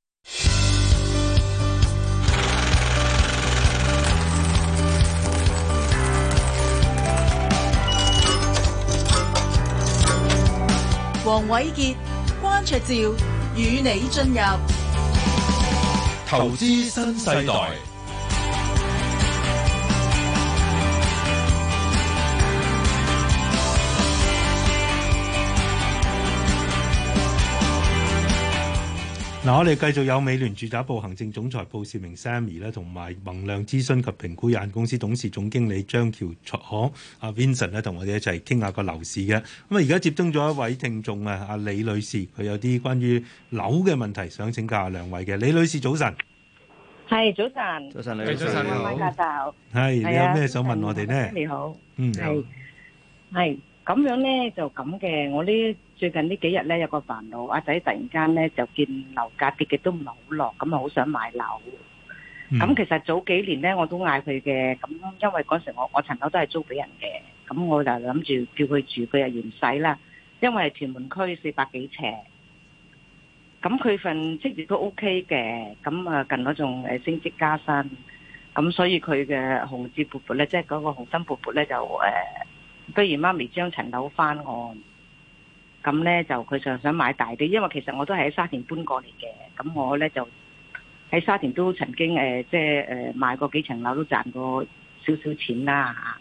黃瑋傑、關焯照與你進入投資新世代。嗱，我哋繼續有美聯住宅部行政總裁布少明 Sammy 咧，同埋宏亮諮詢及評估有限公司董事總經理張翹楚可阿 Vincent 咧，同我哋一齊傾下個樓市嘅。咁啊，而家接通咗一位聽眾啊，阿李女士，佢有啲關於樓嘅問題想請教下兩位嘅。李女士早晨，係早晨，早晨你好，早晨，係你有咩想問我哋咧？你好，嗯，係係咁樣咧，就咁嘅，我咧。最近幾呢幾日咧，有個煩惱，阿仔突然間咧就見樓價跌嘅都唔係好落，咁啊好想買樓。咁、嗯、其實早幾年咧我都嗌佢嘅，咁因為嗰時我我層樓都係租俾人嘅，咁我就諗住叫佢住，佢又嫌細啦。因為，因為屯門區四百幾尺，咁佢份職業都 OK 嘅，咁啊近咗仲誒升職加薪，咁所以佢嘅紅紫勃勃咧，即係嗰個紅心勃勃咧就誒，不、呃、如媽咪將層樓返我。咁咧就佢就想買大啲，因為其實我都係喺沙田搬過嚟嘅。咁我咧就喺沙田都曾經誒，即係誒買過幾層樓，都賺過少少錢啦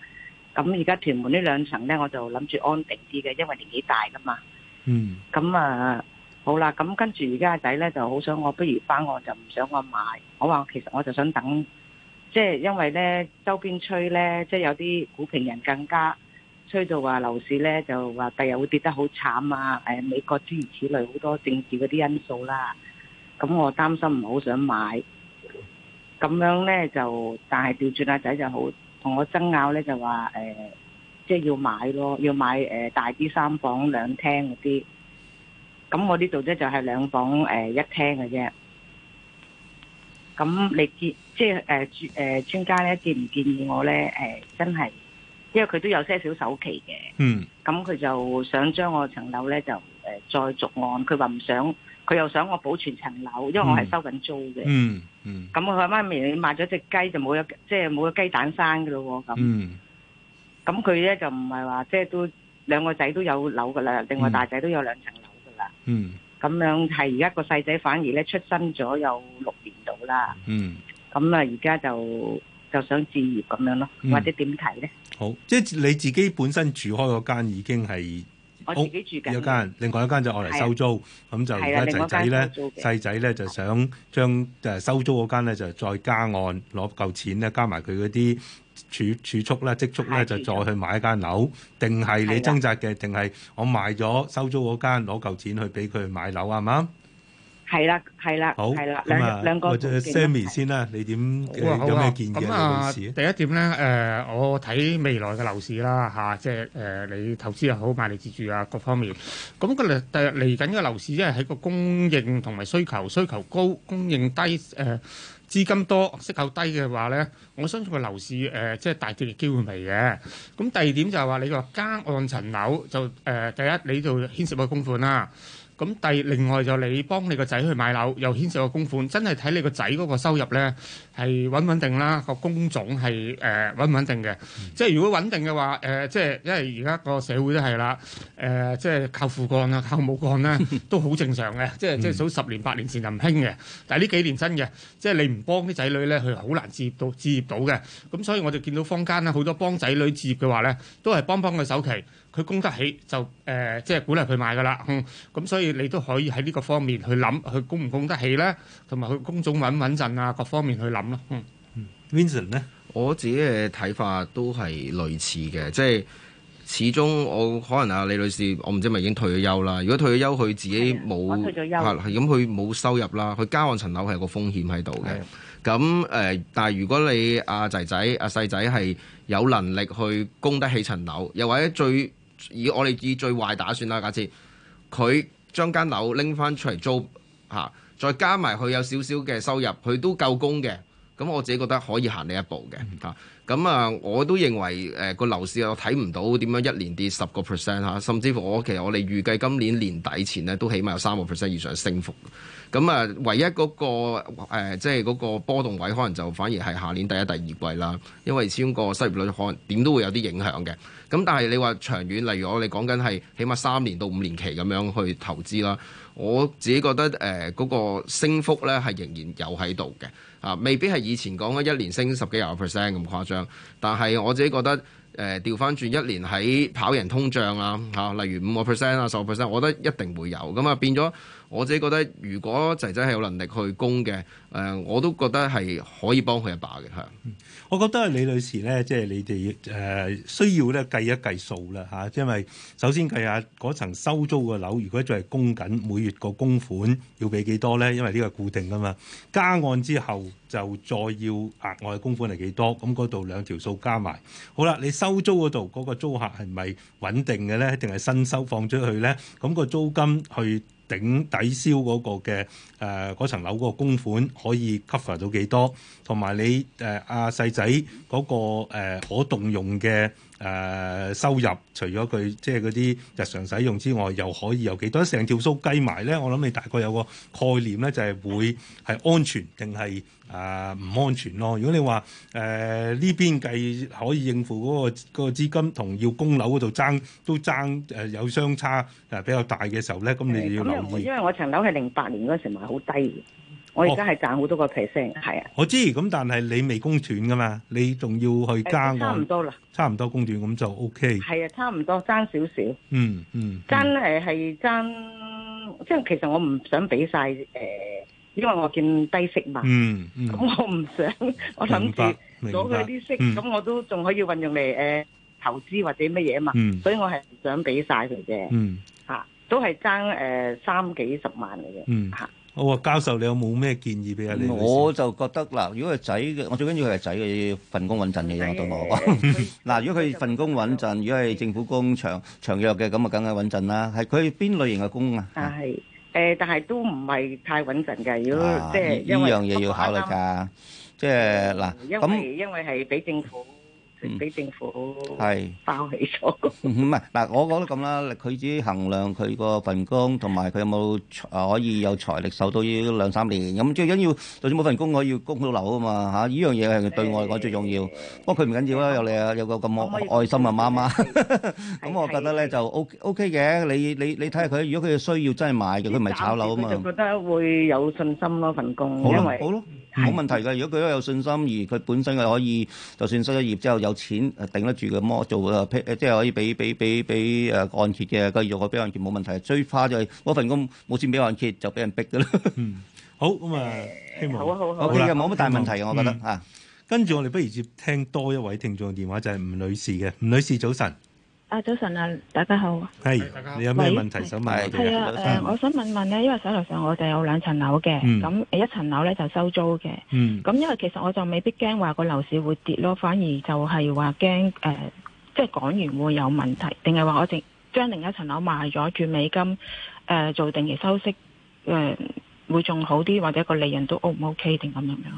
吓。咁而家屯門呢兩層咧，我就諗住安定啲嘅，因為年紀大㗎嘛。嗯。咁啊，好啦，咁跟住而家阿仔咧就好想我，不如返我就唔想我買。我話其實我就想等，即係因為咧周邊吹咧，即係有啲股評人更加。吹到話樓市咧就話第日會跌得好慘啊！誒，美國諸如此類好多政治嗰啲因素啦，咁我擔心唔好想買。咁樣咧就，但係調轉阿仔就好同我爭拗咧，就話誒、呃，即係要買咯，要買誒、呃、大啲三房兩廳嗰啲。咁我呢度咧就係兩房誒一廳嘅啫。咁你建即係誒誒專家咧建唔建議我咧誒真係？因為佢都有些少首期嘅，咁佢就想將我層樓咧就誒再續案，佢話唔想，佢又想我保存層樓，因為我係收緊租嘅。咁佢話媽咪你賣咗隻雞就冇咗，即係冇咗雞蛋生噶咯咁。咁佢咧就唔係話，即係都兩個仔都有樓噶啦，另外大仔都有兩層樓噶啦。咁樣係而家個細仔反而咧出生咗有六年度啦。咁啊，而家就。就想置業咁樣咯，或者點睇咧？好，即係你自己本身住開嗰間已經係屋企住緊，一間，另外一間就愛嚟收租，咁的就而的家仔仔咧、細仔咧就想將誒收租嗰間咧就再加按攞嚿錢咧，加埋佢嗰啲儲儲蓄咧、積蓄咧，的就再去買一間樓，定係的你掙扎嘅？定係我賣咗收租嗰間攞嚿錢去俾佢買樓啊？嘛？係啦，係啦，係啦。咁啊，或者 Sammy 先啦，你點有咩建議咧？咁啊，第一點咧，誒，我睇未來嘅樓市啦，嚇，即係誒，你投資又好，買嚟自住啊，各方面。咁個第嚟緊嘅樓市，因為喺個供應同埋需求，需求高，供應低，誒，資金多，息口低嘅話咧，我相信個樓市誒，即係大跌嘅機會未嘅。咁第二點就係話你個加按層樓就誒，第一你就牽涉個供款啦。咁第另外就你幫你個仔去買樓，又牽涉個供款，真係睇你個仔嗰個收入咧係穩唔穩定啦，個工種係誒穩唔穩定嘅。嗯、即係如果穩定嘅話，誒、呃、即係因為而家個社會都係啦，誒、呃、即係靠父幹啊，靠母幹咧都好正常嘅。嗯、即係即係早十年八年前就唔興嘅，但係呢幾年真嘅，即係你唔幫啲仔女咧，佢好難置業到置業到嘅。咁所以我就見到坊間咧好多幫仔女置業嘅話咧，都係幫幫佢首期。佢供得起就誒、呃，即係鼓勵佢買㗎喇。咁、嗯嗯、所以你都可以喺呢個方面去諗，去供唔供得起呢？同埋佢工種穩唔穩陣啊，各方面去諗咯。嗯，Vincent 咧呢，我自己嘅睇法都係類似嘅，即係始終我可能啊李女士，我唔知咪已經退咗休啦。如果退咗休佢自己冇，咁佢冇收入啦，佢加按層樓係個風險喺度嘅。咁誒的、呃，但係如果你阿仔、啊、仔、阿、啊、細仔係有能力去供得起層樓，又或者最以我哋以最壞打算啦，假設佢將間樓拎翻出嚟租嚇，再加埋佢有少少嘅收入，佢都夠供嘅。咁我自己覺得可以行呢一步嘅嚇。咁、嗯、啊，我都認為誒個、呃、樓市我睇唔到點樣一年跌十個 percent 嚇，甚至乎我其實我哋預計今年年底前呢都起碼有三個 percent 以上升幅。咁啊，唯一嗰、那個即係嗰個波動位，可能就反而係下年第一、第二季啦。因為始終失業率可能點都會有啲影響嘅。咁但係你話長遠，例如我哋講緊係起碼三年到五年期咁樣去投資啦。我自己覺得誒，嗰、呃那個升幅咧係仍然有喺度嘅啊，未必係以前講嘅一年升十幾廿個 percent 咁誇張。但係我自己覺得誒，調翻轉一年喺跑贏通脹啊嚇，例如五個 percent 啊、十個 percent，我覺得一定會有。咁啊變咗。我自己覺得，如果仔仔係有能力去供嘅，誒、呃，我都覺得係可以幫佢一把嘅，係。我覺得係李女士咧，即係你哋誒、呃、需要咧計一計數啦，嚇、啊！因為首先計下嗰層收租個樓，如果再係供緊，每月個供款要俾幾多咧？因為呢個固定㗎嘛。加按之後就再要額外供款係幾多？咁嗰度兩條數加埋。好啦，你收租嗰度嗰個租客係咪穩定嘅咧？定係新收放出去咧？咁、個租金去？頂抵消嗰個嘅誒、嗰層樓嗰個供款可以 cover 到幾多，同埋你誒阿、呃啊、細仔嗰、嗰個、呃、可動用嘅。誒、呃、收入除咗佢即係嗰啲日常使用之外，又可以有幾多？成條數計埋咧，我諗你大概有個概念咧，就係、是、會係安全定係誒唔安全咯？如果你話誒呢邊計可以應付嗰個個資金同要供樓嗰度爭都爭誒、呃、有相差誒比較大嘅時候咧，咁你就要諗。因為我層樓係零八年嗰時買，好低。我而家係賺好多個 percent，係啊。我知，咁但係你未供斷噶嘛？你仲要去爭，欸？差唔多啦。差唔多供斷咁就 O、OK、K。係啊，差唔多爭少少。嗯嗯。爭誒係爭，即係其實我唔想俾晒誒，因為我見低息嘛。嗯咁、嗯、我唔想，我諗住攞佢啲息，咁、嗯、我都仲可以運用嚟誒、呃、投資或者乜嘢嘛。嗯、所以我係唔想俾晒佢啫。嗯。吓，都係爭誒三幾十萬嘅嗯吓。嗯好啊、哦，教授，你有冇咩建議俾啊？嗯、你我就覺得嗱，如果係仔嘅，我最緊要係仔嘅要份工穩陣嘅，對我都講。嗱、啊，如果佢份工穩陣，如果係政府工長長弱嘅，咁啊梗係穩陣啦。係佢邊類型嘅工啊？啊，係、呃、誒，但係都唔係太穩陣嘅。如果、啊、即係呢樣嘢要考慮㗎，即係嗱咁。因為因為係俾政府。俾政府係包起咗，唔係嗱，我覺得咁啦。佢自己衡量佢個份工同埋佢有冇可以有財力受到呢兩三年。咁最緊要就算冇份工，可以供到樓啊嘛嚇。呢樣嘢係對我嚟講最重要。不過佢唔緊要啊，有你啊，有個咁愛心嘅媽媽。咁我覺得咧就 O OK 嘅。你你你睇下佢，如果佢需要真係買嘅，佢唔係炒樓啊嘛。就覺得會有信心咯份工。好咯，好咯，冇問題嘅。如果佢都有信心，而佢本身係可以，就算失咗業之後有。有錢誒，頂得住嘅魔做誒，即係可以俾俾俾俾誒按揭嘅，繼續可俾按揭冇問題。最怕就係嗰份工冇錢俾按揭，就俾人逼㗎啦、嗯。好咁、欸、啊，希望好啊 okay, 好啦，冇乜到大問題，到我覺得、嗯、啊。跟住我哋不如接聽多一位聽眾電話，就係、是、吳女士嘅。吳女士早晨。啊，早晨啊，大家好。係，你有咩問題想問我哋？係啊，誒，我想問問咧，因為手頭上我哋有兩層樓嘅，咁一層樓咧就收租嘅。嗯。咁因為其實我就未必驚話個樓市會跌咯，反而就係話驚誒，即係港元會有問題，定係話我淨將另一層樓賣咗轉美金，誒做定期收息，誒會仲好啲，或者個利潤都 O 唔 O K 定咁樣樣？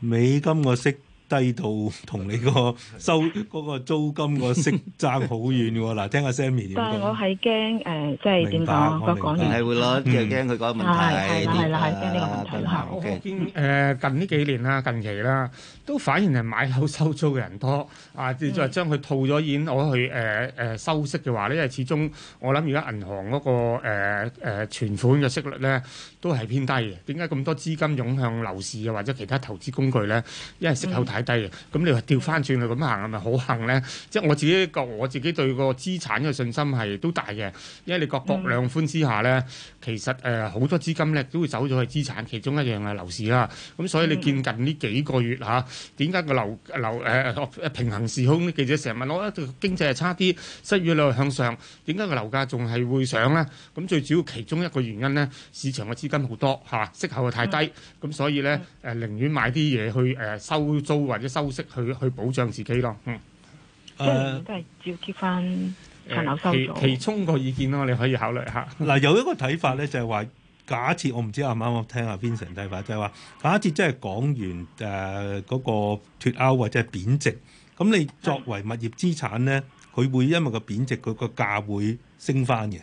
美金我識。低到同你個收嗰個租金個息差好遠喎，嗱聽下 Sammy 點講。但係我係驚誒，即係點講啊？佢講完係會咯，就驚佢嗰個問題係點啊？係啦，係啦，係驚呢個問題啦。我見誒近呢幾年啦，近期啦，都反而係買樓收租嘅人多啊！再再將佢套咗現攞去誒誒收息嘅話咧，因為始終我諗而家銀行嗰個誒誒存款嘅息率咧都係偏低嘅。點解咁多資金湧向樓市啊，或者其他投資工具咧？因為息口太。太低嘅，咁你話調翻轉去咁行，係咪好幸咧？即係我自己覺，我自己對個資產嘅信心係都大嘅，因為你各國量寬之下咧，其實誒好多資金咧都會走咗去資產，其中一樣係樓市啦。咁所以你見近呢幾個月嚇，點解個樓樓誒平衡時空？啲記者成日問我啊，經濟係差啲，失業率向上，點解個樓價仲係會上咧？咁最主要其中一個原因咧，市場嘅資金好多嚇，息口又太低，咁所以咧誒寧願買啲嘢去誒收租。或者收息去去保障自己咯、呃，嗯其，即係都係照跌翻，層樓收咗。其中個意見咯，你可以考慮下。嗱、呃，有一個睇法咧，就係、是、話，假設我唔知啱唔啱，啱啱聽阿 Vincent 睇法，就係、是、話，假設即係講完誒嗰、呃那個脫鈎或者係貶值，咁你作為物業資產咧，佢、嗯、會因為個貶值，佢個價會,會,價會升翻嘅，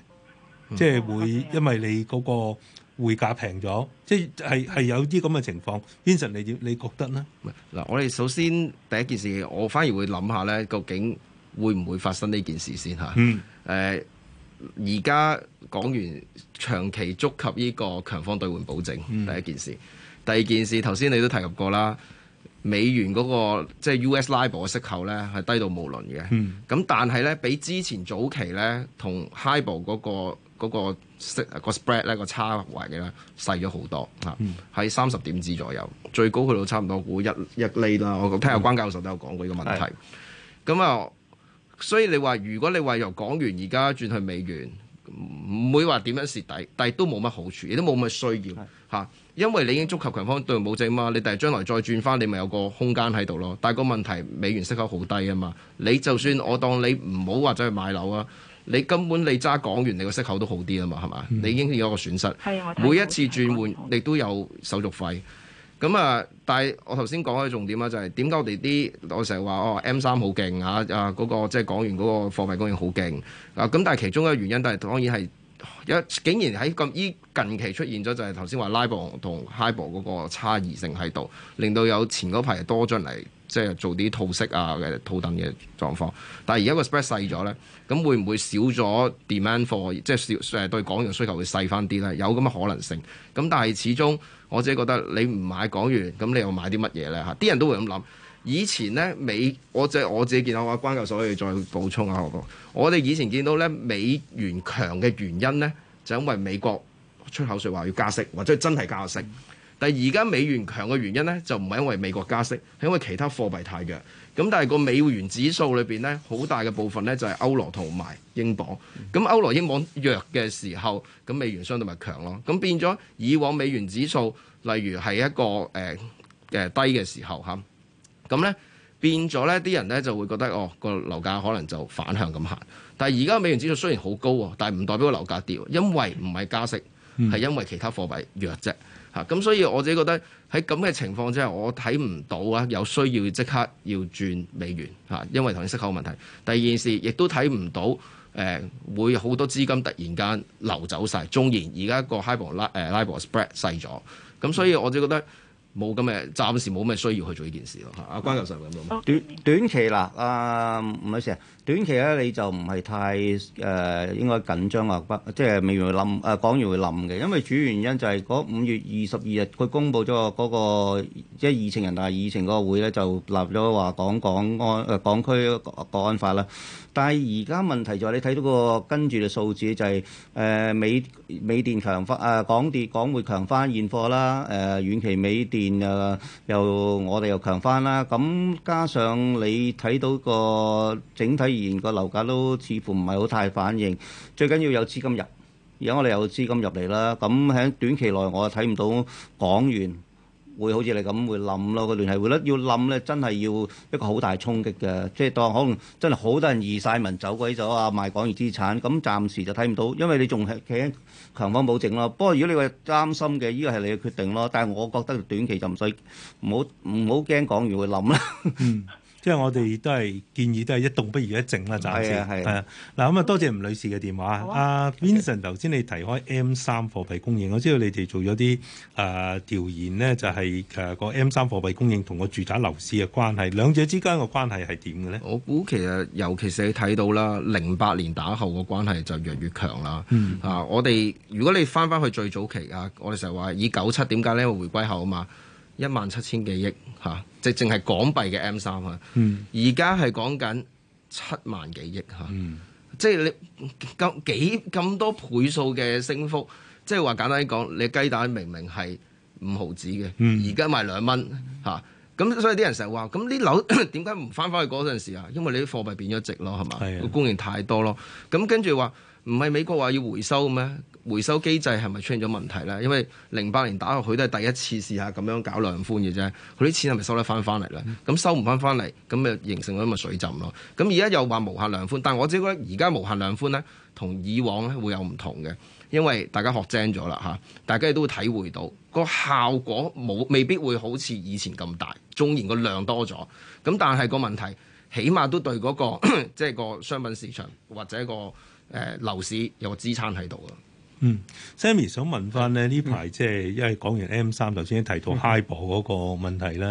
即係、嗯嗯、會因為你嗰、那個。匯價平咗，即係係有啲咁嘅情況。Vanson，你點你覺得呢？嗱，我哋首先第一件事，我反而會諗下呢，究竟會唔會發生呢件事先嚇？嗯。而家港元長期觸及呢個強方兌換保證，嗯、第一件事。第二件事，頭先你都提及過啦，美元嗰、那個即係 US LIBOR 嘅息口呢，係低到無倫嘅。嗯。咁但係呢，比之前早期呢，同 HIBOR、那、嗰個嗰個個 spread 咧個差位嘅咧細咗好多嚇，喺三十點子左右，最高去到差唔多股日日釐啦。我、嗯、聽阿關教授都有講過呢個問題。咁啊的，所以你話如果你話由港元而家轉去美元，唔會話點樣蝕底，但係都冇乜好處，亦都冇乜需要嚇，的因為你已經觸及強方兌換保證啊嘛。你第日將來再轉翻，你咪有個空間喺度咯。但係個問題，美元息口好低啊嘛。你就算我當你唔好話走去買樓啊。你根本你揸港元，你個息口都好啲啊嘛，係嘛、嗯？你已經有一個損失。每一次轉換，你都有手續費。咁、嗯哦啊，那個、啊，但係我頭先講嘅重點啊，就係點解我哋啲我成日話哦，M 三好勁啊啊！嗰個即係港元嗰個貨幣供應好勁，咁但係其中一個原因都係當然係竟然喺咁依近期出現咗，就係頭先話 LIBOR 同 HIBOR 嗰個差異性喺度，令到有前嗰排多咗人嚟。即係做啲套息啊、嘅套等嘅狀況，但係而家個 spread 細咗呢，咁會唔會少咗 demand 貨，即係少對港元需求會細翻啲呢？有咁嘅可能性。咁但係始終，我自己覺得你唔買港元，咁你又買啲乜嘢呢？嚇，啲人都會咁諗。以前呢，美，我即係我自己見到話，關教授所以再補充下我哋。我哋以前見到呢，美元強嘅原因呢，就是、因為美國出口術話要加息，或者真係加息。但係而家美元強嘅原因咧，就唔係因為美國加息，係因為其他貨幣太弱。咁但係個美元指數裏邊咧，好大嘅部分咧就係、是、歐羅同埋英鎊。咁歐羅英鎊弱嘅時候，咁美元相對咪強咯。咁變咗以往美元指數，例如係一個誒嘅、呃呃、低嘅時候嚇，咁咧變咗咧啲人咧就會覺得哦個樓價可能就反向咁行。但係而家美元指數雖然好高，但係唔代表樓價跌，因為唔係加息，係因為其他貨幣弱啫。嚇咁、啊、所以我自己覺得喺咁嘅情況之下，我睇唔到啊有需要即刻要轉美元嚇、啊，因為同啲息口問題。第二件事亦都睇唔到誒、呃、會好多資金突然間流走晒，縱然而家個 high、uh, 博拉誒 libor spread 細咗，咁所以我自己覺得。冇咁嘅，暫時冇咩需要去做呢件事咯嚇。阿關教授咁樣，短短期嗱，啊、呃、唔好意思啊，短期咧你就唔係太誒、呃、應該緊張啊，不即係未完會冧誒，講完會冧嘅，因為主要原因就係五月二十二日佢公布咗嗰個即係議程，人大議程嗰個會咧就立咗話講港安誒、呃、港區國安法啦。但係而家問題就係你睇到個跟住嘅數字就係、是、誒、呃、美美電強翻誒、呃、港電港匯強翻現貨啦，誒、呃、遠期美電、呃、又又我哋又強翻啦，咁加上你睇到個整體而言個樓價都似乎唔係好太反應，最緊要有資金入，而家我哋有資金入嚟啦。咁喺短期內我睇唔到港元。會好似你咁會冧咯，個聯繫匯率要冧咧，真係要一個好大衝擊嘅。即係當可能真係好多人移晒民走鬼走啊，賣港元資產，咁暫時就睇唔到，因為你仲係企喺強方保證咯。不過如果你話擔心嘅，依個係你嘅決定咯。但係我覺得短期就唔使唔好唔好驚港元會冧啦。嗯即係我哋都係建議都係一動不如一靜啦，暫時係啊。嗱咁啊，多謝吳女士嘅電話。阿、啊啊、Vincent，頭先 Okay. 你提開 M 三貨幣供應，我知道你哋做咗啲啊調研呢就係、是、個、啊、M 三貨幣供應同個住宅樓市嘅關係，兩者之間嘅關係係點嘅咧？我估其實尤其是你睇到啦，零八年打後個關係就越嚟越強啦、嗯啊。啊，我哋如果你翻翻去最早期啊，我哋成日話以九七點解呢咧回歸後啊嘛。一萬七千幾億嚇，即係淨係港幣嘅 M 三啊、嗯。而家係講緊七萬億、嗯、幾億嚇，即係你咁幾咁多倍數嘅升幅，即係話簡單啲講，你雞蛋明明係五毫子嘅，而家賣兩蚊嚇，咁、嗯啊、所以啲人成日話咁啲樓點解唔返返去嗰陣時啊？因為你啲貨幣變咗值咯，係嘛，個供應太多咯，咁跟住話。唔係美國話要回收咩？回收機制係咪出現咗問題咧？因為零八年打落去都係第一次試下咁樣搞量寬嘅啫，佢啲錢係咪收得翻翻嚟咧？咁收唔翻翻嚟，咁咪形成咗咪水浸咯？咁而家又話無限量寬，但我只覺得而家無限量寬咧，同以往咧會有唔同嘅，因為大家學精咗啦嚇，大家亦都會體會到、個效果冇未必會好似以前咁大，縱然個量多咗，咁但係個問題，起碼都對嗰、個即係、 即係、個商品市場或者、個。誒、呃、樓市有個支撐喺度啊！嗯，Sammy 想問翻咧呢排即係因為講完 M 三頭先提到 Hibor 嗰個問題啦、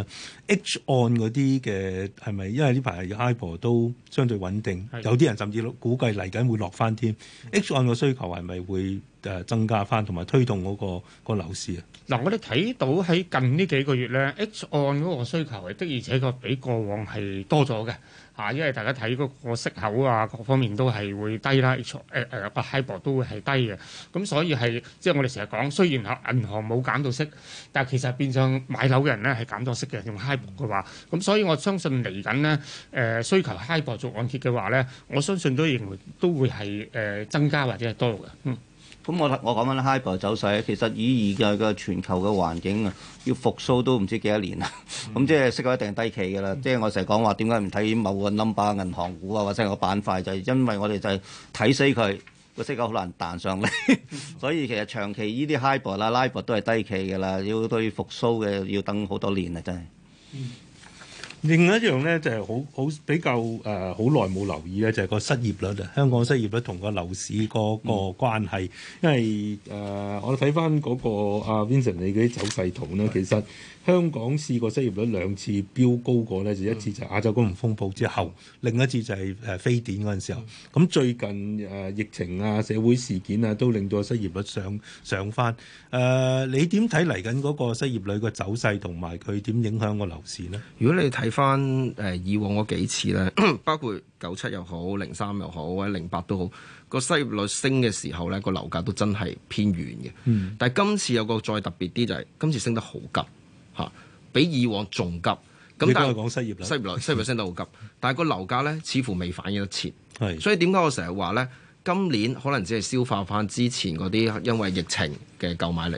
嗯、H 按嗰啲嘅係咪因為呢排 Hibor 都相對穩定，是有啲人甚至估計嚟緊會落翻添，H 按個需求係咪會誒增加翻，同埋推動嗰、嗰個、嗰個樓市啊？嗱，我哋睇到喺近呢幾個月咧，H 按嗰個需求的而且確比過往係多咗嘅。啊！因為大家睇嗰個息口啊，各方面都係會低啦，誒誒個 HIBOR 都會係低嘅。咁所以係即係我哋成日講，雖然銀行冇減到息，但係其實變相買樓嘅人咧係減到息嘅，用 HIBOR 嘅話。咁所以我相信嚟緊呢誒、呃、需求 HIBOR 做按揭嘅話咧，我相信都認為都會係誒增加或者係多嘅。嗯。咁、嗯嗯嗯、我我講緊，HIBOR 就走勢。其實以而家嘅全球嘅環境啊，要復甦都唔知幾多年啊。咁即係息口一定低企嘅啦。即、就、係、是、我成日講話點解唔睇某個 number 銀行股啊，或者個板塊，就係、是、因為我哋就係睇死佢個息口好難彈上嚟。 所以其實長期依啲 HIBOR 啦、LIBOR 都係低企嘅啦，要都要復甦嘅，要等好多年啊，真係。嗯。另外一樣咧，就係好好比較誒，好耐冇留意咧，就係、是、個失業率啊。香港失業率同個樓市個個關係，嗯嗯、因為誒、呃，我哋睇翻嗰個阿、啊、Vincent 你嗰啲走勢圖咧，的其實。香港試過失業率兩次飆高過呢，就、嗯、一次就亞洲金融風暴之後，另一次就係誒非典嗰陣時候。咁、嗯、最近誒、呃、疫情啊、社會事件啊，都令到失業率上上翻。誒、呃，你點睇嚟緊嗰個失業率嘅走勢，同埋佢點影響個樓市呢？如果你睇翻誒以往嗰幾次咧，包括九七又好、零三又好或者零八都好，個失業率升嘅時候咧，個樓價都真係偏軟嘅。嗯、但係今次有個再特別啲就係、是、今次升得好急。比以往仲急，咁但係講失、失業率，失業率升得好急， 但係個樓價呢，似乎未反映得切， 所以點解我成日話呢？今年可能只係消化翻之前嗰啲因為疫情嘅購買力，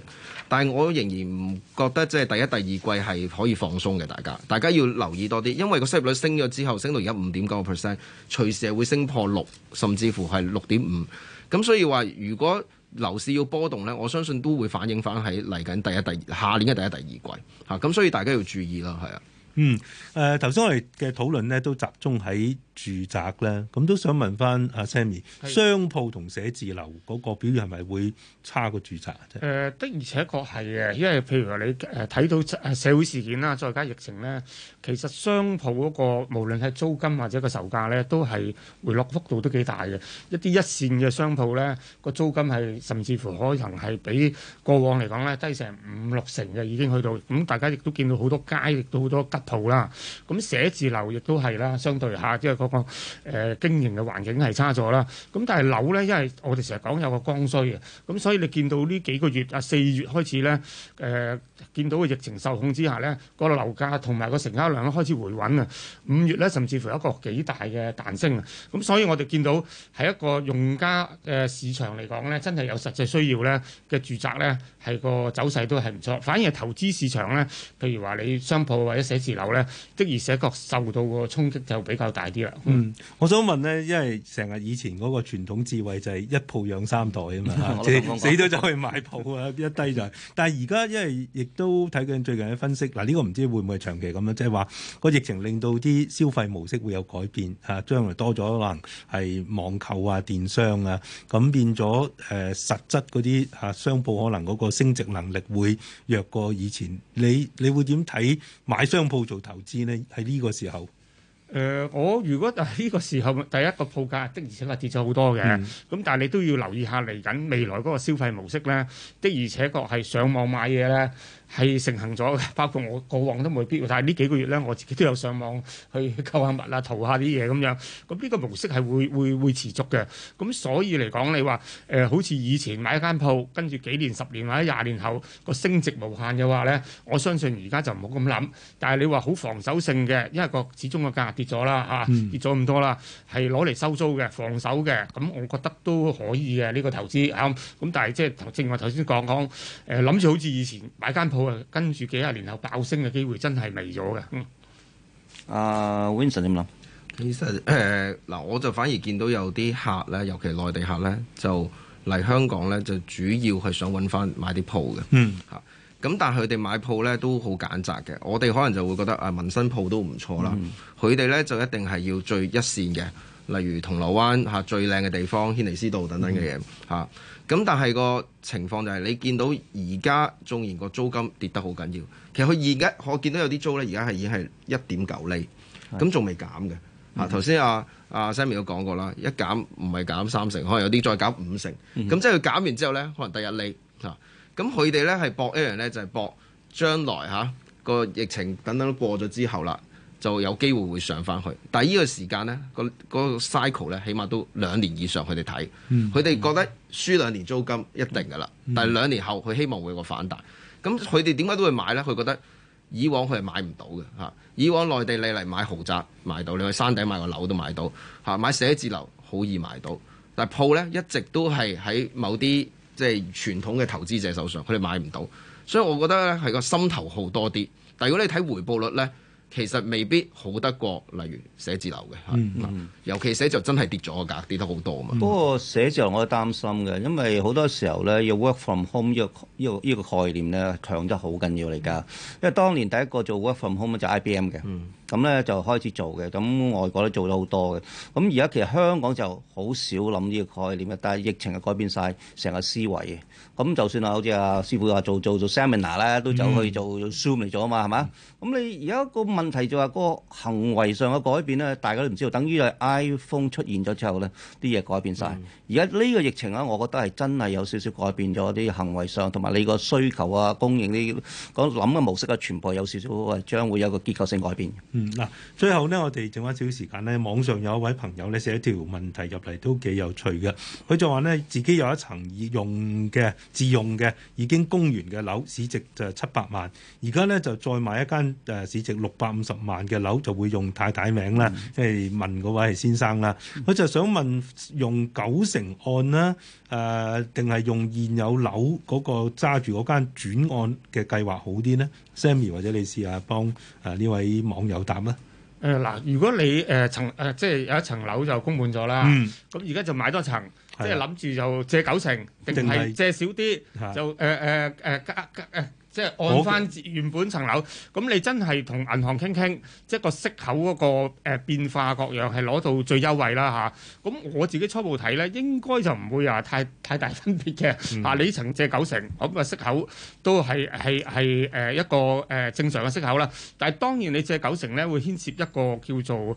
但係我仍然唔覺得即係第一、第二季係可以放鬆嘅，大家，大家要留意多啲，因為個失業率升咗之後，升到而家五點九個 percent，隨時係會升破六，甚至乎係六點五，咁所以話如果，樓市要波動咧，我相信都會反映翻喺嚟緊第一、第二、下年嘅第一、第二季嚇，咁，啊、所以大家要注意咯，係啊。嗯，誒頭先我哋嘅討論呢都集中喺住宅咧，咁都想問翻阿 Sammy，商是鋪同寫字樓嗰個表現係咪會差過住宅啊？誒、呃，的而且確係嘅，因為譬如話你誒睇到社會事件啦，再加疫情咧，其實商鋪嗰、嗰個無論係租金或者個售價咧，都係回落幅度都幾大嘅。一啲一線嘅商鋪咧，個租金係甚至乎可能係比過往嚟講咧低成五六成嘅，已經去到。咁大家亦都見到好多街，亦都好多吉鋪啦。咁寫字樓亦都係啦，相對下即係。嗯個誒經營嘅環境係差咗啦，咁但係樓咧，因為我哋成日講有個剛需嘅，咁所以你見到呢幾個月啊，四月開始咧，誒、呃、見到個疫情受控之下咧，個樓價同埋個成交量咧開始回穩啊，五月咧甚至乎有一個幾大嘅彈升啊，咁所以我哋見到喺一個用家誒市場嚟講咧，真係有實際需要咧嘅住宅咧，係個走勢都係唔錯，反而係投資市場咧，譬如話你商鋪或者寫字樓咧，的而且確受到個衝擊就比較大啲啦。嗯，我想問呢，因為成日以前嗰個傳統智慧就係一鋪養三代啊嘛，即係 死咗就去買鋪啊，一低就是。但係而家因為亦都睇緊最近嘅分析，嗱、這、呢個唔知會唔會長期咁樣，即係話個疫情令到啲消費模式會有改變啊，將來多咗可能係網購啊、電商啊，咁變咗誒實質嗰啲嚇商鋪可能嗰個升值能力會弱過以前。你，你會點睇買商鋪做投資呢？喺呢個時候？誒、呃，我如果呢個時候，第一個鋪價的而且確跌咗好多嘅，咁、嗯、但係你都要留意下嚟緊未來嗰個消費模式咧，的而且確係上網買嘢咧。係盛行咗嘅，包括我過往都冇必要。但係呢幾個月咧，我自己都有上網去購下物啊、淘下啲嘢咁樣。咁呢個模式係會會會持續嘅。咁所以嚟講，你話誒、呃、好似以前買一間鋪，跟住幾年、十年或者廿年後個升值無限嘅話咧，我相信而家就唔好咁諗。但係你話好防守性嘅，因為個始終個價跌咗啦嚇，跌咗咁多啦，係攞嚟收租嘅、防守嘅，咁我覺得都可以嘅呢、呢個投資。咁咁但係即係正我頭先講講誒，諗住、呃、好似以前買間鋪。跟住幾十年後爆升嘅機會真係微咗嘅。嗯、uh。阿 Vincent 點諗？其實誒嗱、呃，我就反而見到有啲客咧，尤其內地客咧，就嚟香港咧，就主要係想揾翻買啲鋪嘅。嗯。嚇、啊。咁但係佢哋買鋪咧都好揀擇嘅。我哋可能就會覺得啊，民生鋪都唔錯啦。佢哋咧就一定係要最一線嘅，例如銅鑼灣嚇、啊、最靚嘅地方、軒尼詩道等等嘅嘢嚇。嗯咁但係個情況就係你見到而家仲然個租金跌得好緊要，其實佢而家我見到有啲租呢，而家係已經係一點九厘，咁仲的未減嘅。啊，頭先阿、啊、阿、啊、Sammy 都講過啦，一減唔係減三成，可能有啲再減五成。咁即係佢減完之後呢，可能第一厘啊，咁佢哋呢係博一樣呢，就係、是、博將來吓、啊、個疫情等等都過咗之後啦。就有機會會上翻去，但係依個時間呢，個個 cycle 呢，起碼都兩年以上，佢哋睇，佢哋覺得輸兩年租金一定噶啦。嗯、但係兩年後，佢希望會有個反彈。咁佢哋點解都會買呢？佢覺得以往佢係買唔到嘅嚇、啊。以往內地你嚟買豪宅買到，你去山頂買個樓都買到嚇、啊，買寫字樓好易買到。但係鋪呢一直都係喺某啲即係傳統嘅投資者手上，佢哋買唔到。所以我覺得咧係個心頭好多啲。但係如果你睇回報率呢，其實未必好得過例如寫字樓嘅、mm hmm.，尤其寫字樓真係跌咗個價，跌得好多啊嘛。Mm hmm. 不過寫字樓我都擔心嘅，因為好多時候咧，要 work from home 呢、呢個呢個呢個概念咧，強得好緊要嚟噶。因為當年第一個做 work from home 就 IBM 嘅，咁咧、mm hmm. 就開始做嘅。咁外國都做咗好多嘅。咁而家其實香港就好少諗呢個概念嘅，但係疫情又改變晒成個思維嘅。咁就算係好似阿師傅話做做做，做 seminar 啦，都走去做 zoom 嚟咗啊嘛，係嘛？咁你而家個問題就係個行為上嘅改變咧，大家都唔知道。等於係 iPhone 出現咗之後咧，啲嘢改變晒。而家呢個疫情啊，我覺得係真係有少少改變咗啲行為上，同埋你個需求啊、供應啲、啊、講諗嘅模式啊，全部有少少係將會有個結構性改變。嗯，嗱、啊，最後呢，我哋剩翻少少時間呢，網上有一位朋友咧寫一條問題入嚟都幾有趣嘅。佢就話呢，自己有一層已用嘅自用嘅已經供完嘅樓，市值就七百萬，而家呢就再買一間。誒，市值六百五十萬嘅樓就會用太太名啦，即係問嗰位係先生啦。佢就想問，用九成按啦，誒定係用現有樓嗰個揸住嗰間轉按嘅計劃好啲呢？Sammy 或者你試下幫誒呢位網友答啦。誒嗱，如果你誒層誒即係有一層樓就供滿咗啦，咁而家就買多層，即係諗住就借九成，定係借少啲就誒誒誒加加誒。即係按翻原本層樓，咁好你真係同銀行傾傾，即係個息口嗰個誒變化各樣係攞到最優惠啦吓，咁、啊、我自己初步睇咧，應該就唔會話太太大分別嘅。啊，你層借九成，咁個息口都係係係誒一個誒正常嘅息口啦。但係當然你借九成咧，會牽涉一個叫做誒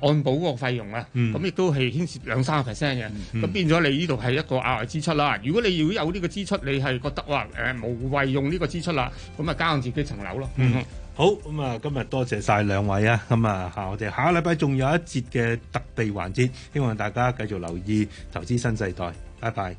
按保嗰個費用啊。咁亦都係牽涉兩三個 percent 嘅。咁、嗯、變咗你呢度係一個額外支出啦。如果你如果有呢個支出，你係覺得哇誒、呃呃、無謂用呢個支出。啦，咁啊，加上自己層樓咯。嗯，好，咁啊，今日多謝晒兩位啊，咁、嗯、啊，吓我哋下個禮拜仲有一節嘅特備環節，希望大家繼續留意投資新世代。拜拜。